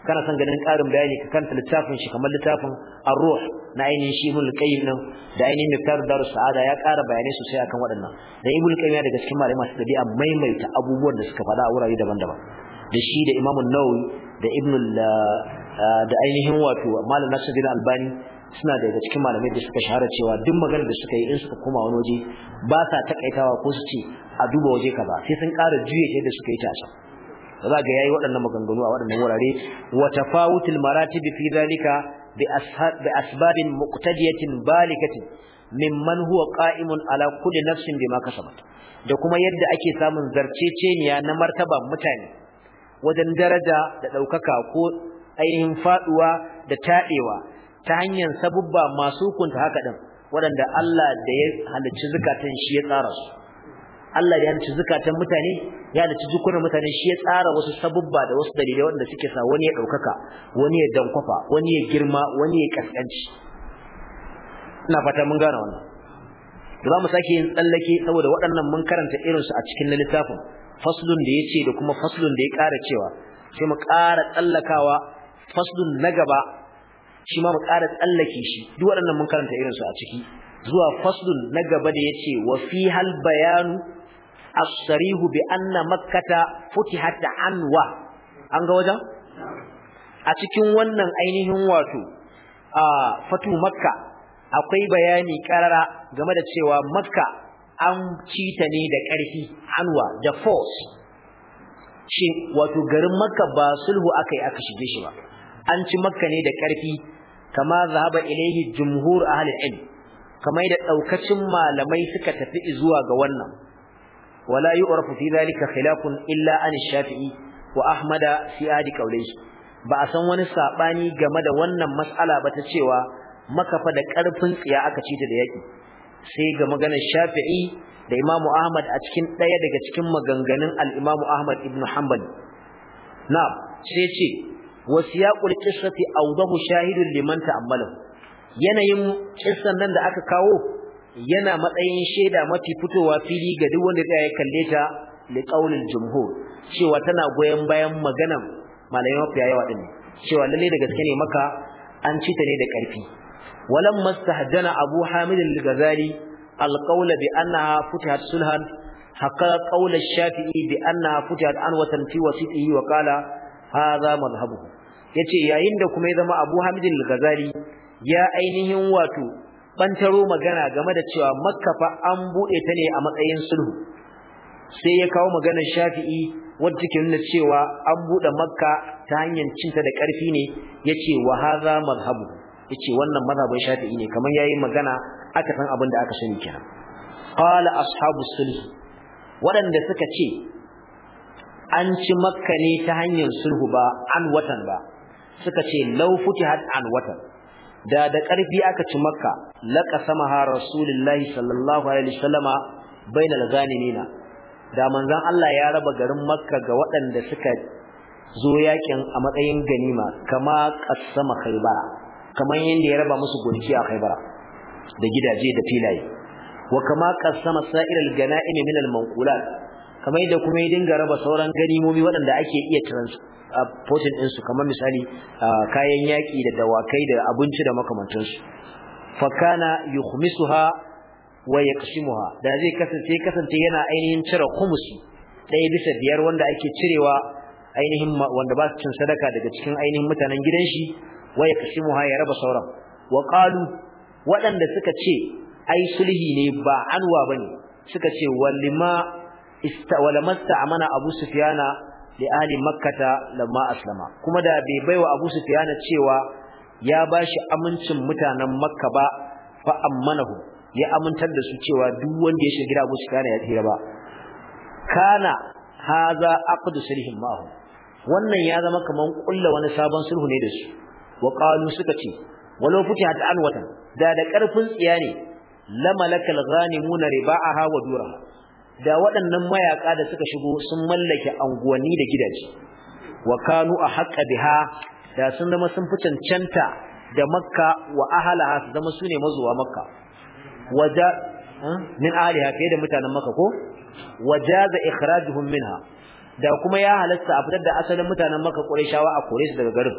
kana san ganin karin bayani ka kanta littafin shi kamar littafin ar-ruh na ainihin shi ibn qayyim nan da ainihin miftar darus sa'ada ya ƙara bayanai sosai akan waɗannan da ibn qayyim daga cikin malamai masu dabi'a maimaita abubuwan da suka faɗa a wurare daban-daban da shi da imamu nawawi da ibn ah, ah, da ainihin wato malam nasiruddin albani suna daga cikin malamai da suka shahara cewa duk maganar da suka yi in suka koma wani waje ba sa takaitawa ko su ce a duba waje kaza sai sun ƙara juye ta yadda suka yi tasa. can za ga yayi waɗannan maganganu a waɗannan wurare wa tafawutul maratib fi zalika bi ashab bi asbabin muqtadiyatin balikatin mimman huwa qa'imun ala kulli nafsin bima kasabat da kuma yadda ake samun zarceceniya na martaba mutane wajen daraja da ɗaukaka ko ainihin faɗuwa da taɗewa ta hanyar sabubba masu hukunta haka din waɗanda Allah da ya halicci zakatan shi ya tsara su Allah da ya halicci zakatan mutane ya halicci zukunan mutane shi ya tsara wasu sabubba da wasu dalilai wanda suke sa wani ya daukaka wani ya dankwafa wani ya girma wani ya kaskanci ina fata mun gane wannan za mu sake yin tsallake saboda waɗannan mun karanta irinsu a cikin littafin faslun da ce, da kuma faslun da ya ƙara cewa sai mu ƙara tsallakawa faslun na gaba shi ma mu ƙara tsallake shi duk waɗannan mun karanta irinsu a ciki zuwa faslun na gaba da yace wa fi hal bayanu as-sarihu bi anna makkata futihat anwa an ga wajen a cikin wannan ainihin wato a fatu makka akwai bayani karara game da cewa makka an ci ta ne da ƙarfi anwa da force shi wato garin makka ba sulhu aka yi aka shige shi ba an ci makka ne da ƙarfi kama zahaba ilaihi jumhur ahli ilm kama da daukacin malamai suka tafi zuwa ga wannan wala yu'rafu fi zalika khilafun illa an shafi'i wa ahmada fi adi qawlihi ba a san wani sabani game da wannan mas'ala ba ta cewa maka fa da ƙarfin tsiya aka ci ta da yaki sai ga maganar shafi'i da imamu ahmad a cikin ɗaya daga cikin maganganun al-imamu ahmad Ibnu hanbal na sai ce wa siyaqul qissati awdahu shahidun liman ta'ammalahu yanayin kissan nan da aka kawo yana matsayin shaida mafi fitowa fili ga duk wanda ya kalle ta liqaulil jumhur cewa tana goyen bayan maganan malamai mafiya yawa din cewa lalle da gaske ne maka an ci ta ne da karfi walam mastahjana abu hamid al-ghazali al-qawl bi annaha futihat sulhan haqa qawl ash-shafi'i bi annaha futihat anwatan fi wasitihi wa qala hadha madhhabuhu yace yayin da kuma ya zama Abu Hamid al-Ghazali ya ainihin wato bantaro magana game da cewa Makka fa an bude ta ne a matsayin sulhu sai ya kawo maganar Shafi'i wacce ke nuna cewa an bude Makka ta hanyar cinta da ƙarfi ne yace wa hadha madhhabu yace wannan mazhabin Shafi'i ne kamar yayin magana aka san abin da aka sani kenan qala ashabu sulh waɗanda suka ce an ci Makka ne ta hanyar sulhu ba an watan ba suka ce law futihat an watan da da karfi aka ci makka laqasamaha rasulullahi sallallahu alaihi wasallama bainal ghanimina da manzon Allah ya raba garin makka ga waɗanda suka zo yakin a matsayin ganima kama qassama khaybara Kamar yanda ya raba musu gonki a khaybara da gidaje da filaye wa kama qassama sa'iral ganaimi min al-manqulat kamar yadda kuma ya dinga raba sauran ganimomi waɗanda ake iya transporting ɗinsu kamar misali kayan yaƙi da dawakai da abinci da makamantansu fakana yukhmisuha wa yaqsimuha da zai kasance kasance yana ainihin cire kumusi. ɗaya bisa biyar wanda ake cirewa ainihin wanda ba su cin sadaka daga cikin ainihin mutanen gidan shi wa yaqsimuha ya raba sauran wa qalu waɗanda suka ce ai sulhi ne ba anwa bane suka ce walima istawala mana Abu Sufyana li ahli Makkah lamma aslama kuma da bai baiwa Abu Sufyana cewa ya bashi amincin mutanen Makka ba fa ammanahu ya amintar da su cewa duk wanda ya shiga gida Abu Sufyana ya tsira ba kana haza aqdu sulhin ma'ahu wannan ya zama kaman kulla wani sabon sulhu ne da su wa qalu suka ce walau futihat anwatan da da karfin tsiya ne lamalakal ghanimuna riba'aha wa duraha da waɗannan mayaka da suka shigo sun mallake anguwanni da gidaje wa kanu a haƙa biha da sun zama sun fi cancanta da makka wa ahalaha su zama su ne mazuwa makka waja eh, min ahaliha fiye da mutanen makka ko wajaza ikhrajuhum minha da kuma ya halatta a fitar da asalin mutanen makka qurayshawa a kore su daga garin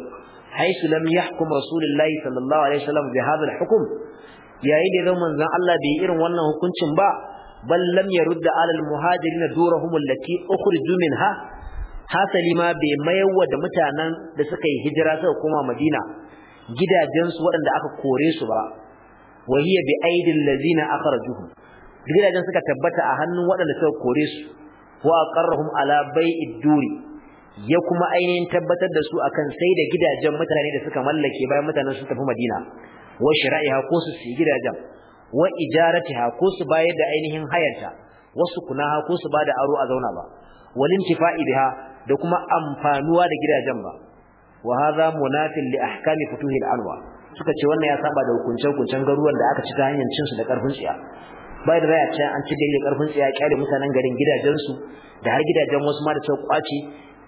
haisu lam yahkum rasulullahi sallallahu alaihi wasallam bi hadha al-hukm yayin da manzon Allah bai irin wannan hukuncin ba bal lam yarudda alal muhajirin durahum allati ukhriju minha hasali ma bai mayarwa da mutanen da suka yi hijira suka koma Madina gidajensu waɗanda aka kore su ba wa hiya bi aidil ladina akhrajuhum gidajen suka tabbata a hannun wanda suka kore su wa aqarrahum ala bai'id duri ya kuma ainihin tabbatar da su akan sai da gidajen mutane da suka mallake bayan mutanen su tafi Madina wa shira'iha ko su su gidajen wa ijaratiha ko su bayar da ainihin hayarta wasu kunaha ko su bada aro a zauna ba walin tifa'i biha da kuma amfanuwa da gidajen ba wa hadha munafil li ahkami futuhil anwa suka ce wannan ya saba da hukuncen hukuncen garuwan da aka ci ta hanyar cin su da karfin tsiya bai da raya an ci gari da karfin tsiya kyale mutanen garin gidajen su, da har gidajen wasu ma da ta kwace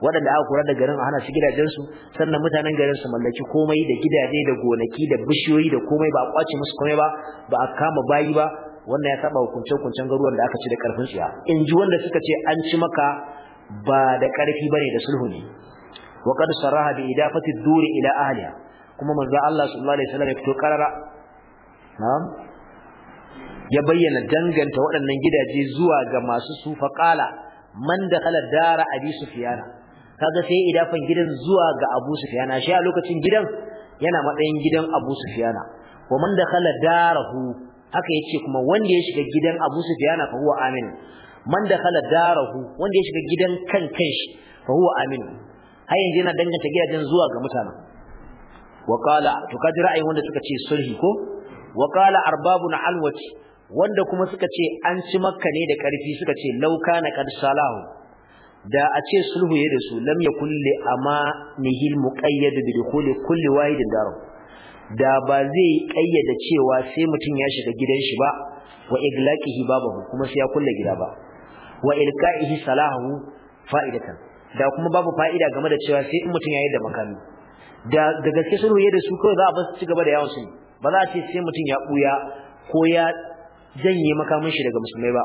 waɗanda aka kura da garin a hana su gidajensu sannan mutanen garin su mallaki komai da gidaje da gonaki da bishiyoyi da komai ba a kwace musu komai ba ba a kama bayi ba wannan ya saba hukunce-hukuncen garuruwan da aka ci da ƙarfin tsiya in ji wanda suka ce an ci maka ba da ba ne da sulhu ne wa qad saraha bi idafati ila ahliha kuma manzo Allah sallallahu alaihi wasallam ya fito karara na'am ya bayyana danganta waɗannan gidaje zuwa ga masu su faqala man dakhala dara abi sufyana kaga sai idafan gidan zuwa ga Abu Sufyan shi a lokacin gidan yana matsayin gidan Abu Sufyan wa man dakhala darahu haka yace kuma wanda ya shiga gidan Abu Sufyan fa huwa amin man dakhala darahu wanda ya shiga gidan kan kanshi fa huwa amin har yanzu yana danganta gidajen zuwa ga mutanen wa qala to kaji ra'ayin wanda suka ce sulhi ko wa qala arbabun alwati wanda kuma suka ce an ci makka ne da karfi suka ce lauka na qad salahu da a ce sulhu ya da su lam yakun li amanihil muqayyad bi dukhuli kulli wahidin daru da ba zai kayyada cewa sai mutum ya shiga gidan shi ba wa iglaqihi babahu kuma sai ya kulle gida ba wa ilqaihi salahu fa'idatan da kuma babu fa'ida game da cewa sai in mutum ya yi da makami da da gaske sulhu ya da su kawai za a basu cigaba gaba da yawon su ba za a ce sai mutum ya buya ko ya janye makamin shi daga musulmai ba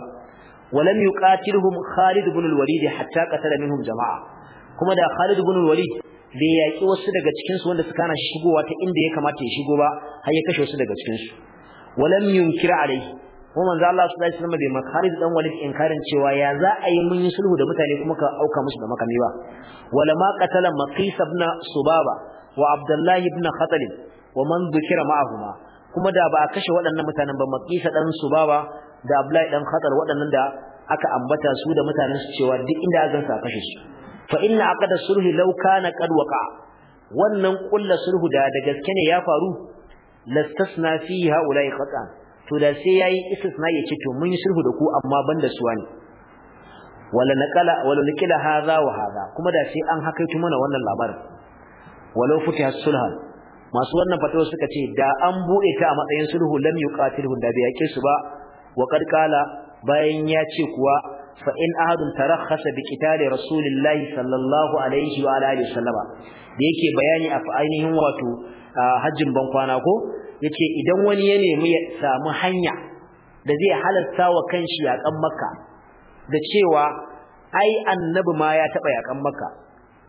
ولم يقاتلهم خالد بن الوليد حتى قتل منهم jama'a. كما دا خالد بن الوليد bai yaki wasu daga cikinsu su wanda suka hana shigowa ta inda ya kamata ya shigo ba har ya kashe wasu daga cikin su walam yunkira alai kuma manzo Allah sallallahu alaihi wasallam bai makarid dan walid inkarin cewa ya za a yi mun yi sulhu da mutane kuma ka auka musu da makami ba wala ma qatala maqis ibn subaba wa Abdullahi ibn khatal wa man dhukira ma'ahuma kuma da ba a kashe waɗannan mutanen ba maqis dan subaba da Abdullahi dan Khatar waɗannan da aka ambata su da mutanen su cewa duk inda aka gansa kashe su fa inna aqada sulhi law kana qad waqa wannan kullu sulhu da da gaske ne ya faru lastasna fiha haulai khata to da sai yayi istisna ya ce to mun yi sulhu da ku amma banda su wani wala naqala wala nikila hadha wa hadha kuma da sai an hakaito mana wannan labarin walau futiha sulha masu wannan fatawa suka ce da an buɗe ta a matsayin sulhu lam yuqatilhu da bai yake su ba wa qad bayan ya ce kuwa fa in ahadun tarakhasa bi qitali rasulillahi sallallahu alaihi wa alihi da yake bayani a ainihin wato hajjin ban kwana ko yace idan wani ya nemi ya samu hanya da zai halarta wa kanshi kan makka da cewa ai annabi ma ya taba kan makka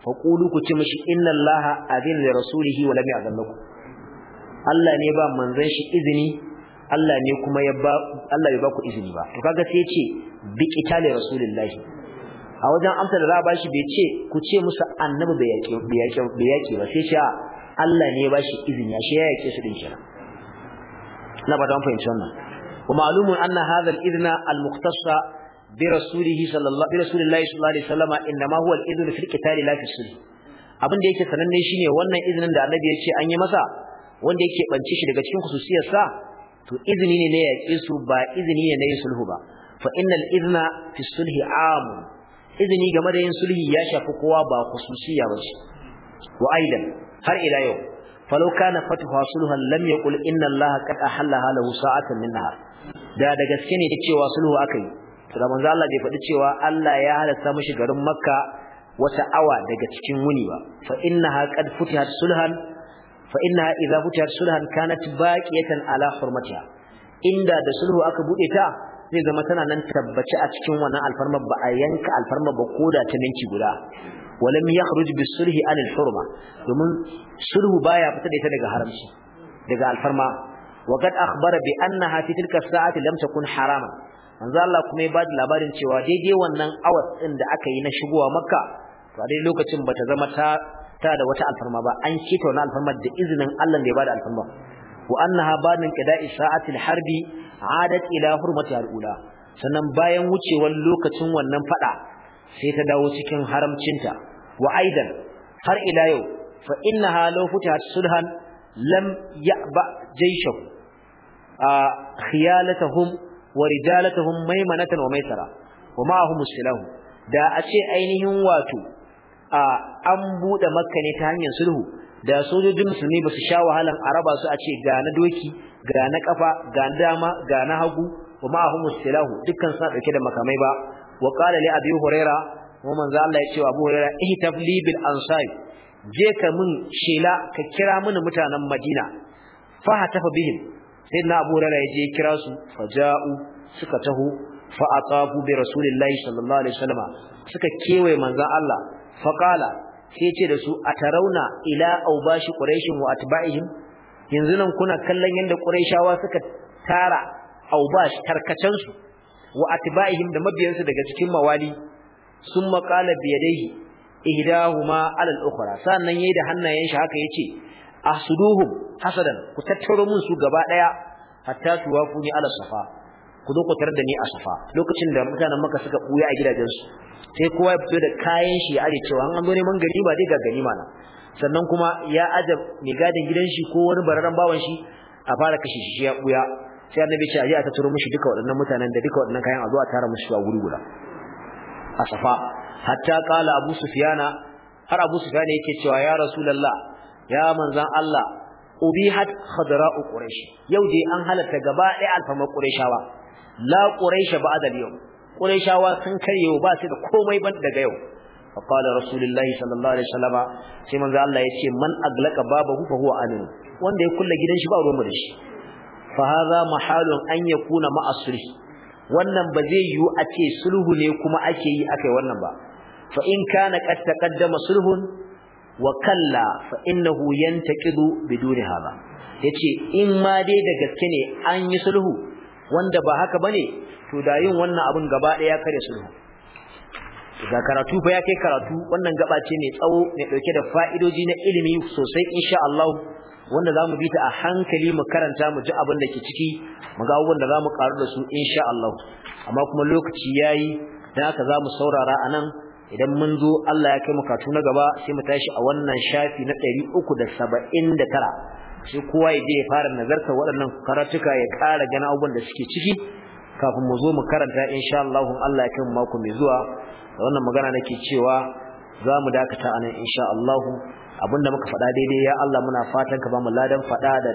fa qulu ku ci mishi inna allaha azin li rasulihi wa lam ya'zan Allah ne ba manzon shi izini Allah ne kuma ya ba Allah bai ba ku izini ba to kaga sai ya ce bi qitali rasulillahi a wajen amsa da za ba shi bai ce ku ce musu annabi bai yake bai yake bai yake ba sai ce Allah ne ya ba shi izini ya shi ya yake su din kenan na ba don fahimci wannan wa ma'lumun anna hadha al-idna al-mukhtassa bi rasulihi sallallahu bi rasulillahi sallallahu alaihi wasallam inma huwa al-idnu fil qitali la fi sulh abin da yake sananne shine wannan izinin da annabi ya ce an yi masa wanda yake bance shi daga cikin khususiyar sa to izini ne na yaƙe su ba izini ne na yin sulhu ba fa innal izna fi sulhi am izini game da yin sulhi ya shafi kowa ba khususiya ba ce wa aidan har ila yau falau kana fatuha sulhan lam yaqul inna allaha qad ahalla lahu sa'atan min nahar da da gaske ne cewa sulhu akai to da manzo Allah bai faɗi cewa Allah ya halasta mishi garin Makka wata awa daga cikin wuni ba fa innaha qad futihat sulhan fa inna idza futiyat sulhan kanat baqiyatan ala hurmatiha inda da sulhu aka bude ta zai zama tana nan tabbaci a cikin wannan alfarma ba a yanka alfarma ba koda ta minti guda walam yakhruj bis sulhi an al hurma domin sulhu baya fita da ita daga haramci daga alfarma wa kad akhbara bi annaha fi tilka sa'ati lam takun harama manzo Allah kuma ya bada labarin cewa daidai wannan awas din da aka yi na shigowa makka to a dai lokacin bata zama ta tana da wata alfarma ba an keta na alfarma da izinin Allah da ya bada alfarma wa annaha badin qida'i sa'ati al-harbi 'adat ila hurmati al-ula sannan bayan wucewar lokacin wannan fada sai ta dawo cikin haramcinta wa aidan har ila yau fa innaha law futihat sulhan lam ya'ba jayshahu khiyalatuhum wa rijalatuhum maymanatan wa maisara wa ma'ahum da a ce ainihin wato a an bude makka ne ta hanyar sulhu da sojojin musulmi ba su sha wahalan araba su a ce ga na doki ga na kafa ga na dama ga na hagu wa hum silahu dukkan sa dauke da makamai ba wa qala li abi huraira wa manzo Allah ya ce wa abu huraira li bil ansari je ka mun shela ka kira mun mutanen madina fa hatafa bihim sayyidina abu huraira ya je kira su faja'u suka taho fa atafu bi rasulillahi sallallahu alaihi wasallam suka kewaye manzo Allah Faƙala sai ce da su a tarauna ila aubashi ƙurashin wa atba'ihim yanzu nan kuna kallon yadda Ƙurashawa suka tara aubash tarkacen wa atba'ihim da mabiyansu daga cikin mawali sun maƙala bi yadayhi ihdahuma ala ukhra sannan yayi da hannayen shi haka yace ahsuduhum hasadan ku tattaro mun su gaba daya hatta tuwafuni ala safa ku zo ku da ni a safa lokacin da mutanen maka suka buya a gidajensu sai kowa ya fito da kayan shi ya cewa an zo neman gari ba dai ga gani na.' sannan kuma ya aje mai gadin gidan shi ko wani bararren bawan shi a fara kashe shi ya buya sai annabi ce aje a tattaro mushi duka waɗannan mutanen da duka waɗannan kayan a zo a tara mushi a wuri guda a safa hatta qala abu sufyana har abu sufyana yake cewa ya rasulullah ya manzan Allah ubi ubihat khadra quraish yau dai an halatta gaba ɗaya alfama quraishawa la quraish ba'da al-yawm qurayshawa sun karyewa ba su da komai ban daga yau فقال رسول الله صلى الله عليه sai manzo Allah yace man aglaka babahu fa huwa amin wanda ya kulle gidan shi ba ruwan da shi fa hadha mahalun an yakuna ma wannan ba zai yiwu a ce sulhu ne kuma ake yi akai wannan ba fa in kana qad taqaddama sulhun wa kalla fa innahu yantaqidu biduni hada yace in ma dai da gaske ne an yi sulhu wanda ba haka bane to da yin wannan abin gaba ɗaya ya kare sulhu ga karatu fa ya kai karatu wannan gaba ce mai tsawo mai dauke da fa'idoji na ilimi sosai insha Allah wanda zamu bi ta a hankali mu karanta mu ji abin da ke ciki mu ga abubuwan da zamu karu da su insha Allah amma kuma lokaci yayi dan haka zamu saurara anan idan mun zo Allah ya kai mu katu na gaba sai mu tashi a wannan shafi na 379 sai kowa ya je ya fara nazarta waɗannan karatuka ya ƙara gana abin da suke ciki kafin mu zo mu karanta insha Allah Allah ya kai mako mai zuwa da wannan magana nake cewa za mu dakata anan insha Allah abinda muka faɗa daidai ya Allah muna fatan ka ba mu ladan faɗa da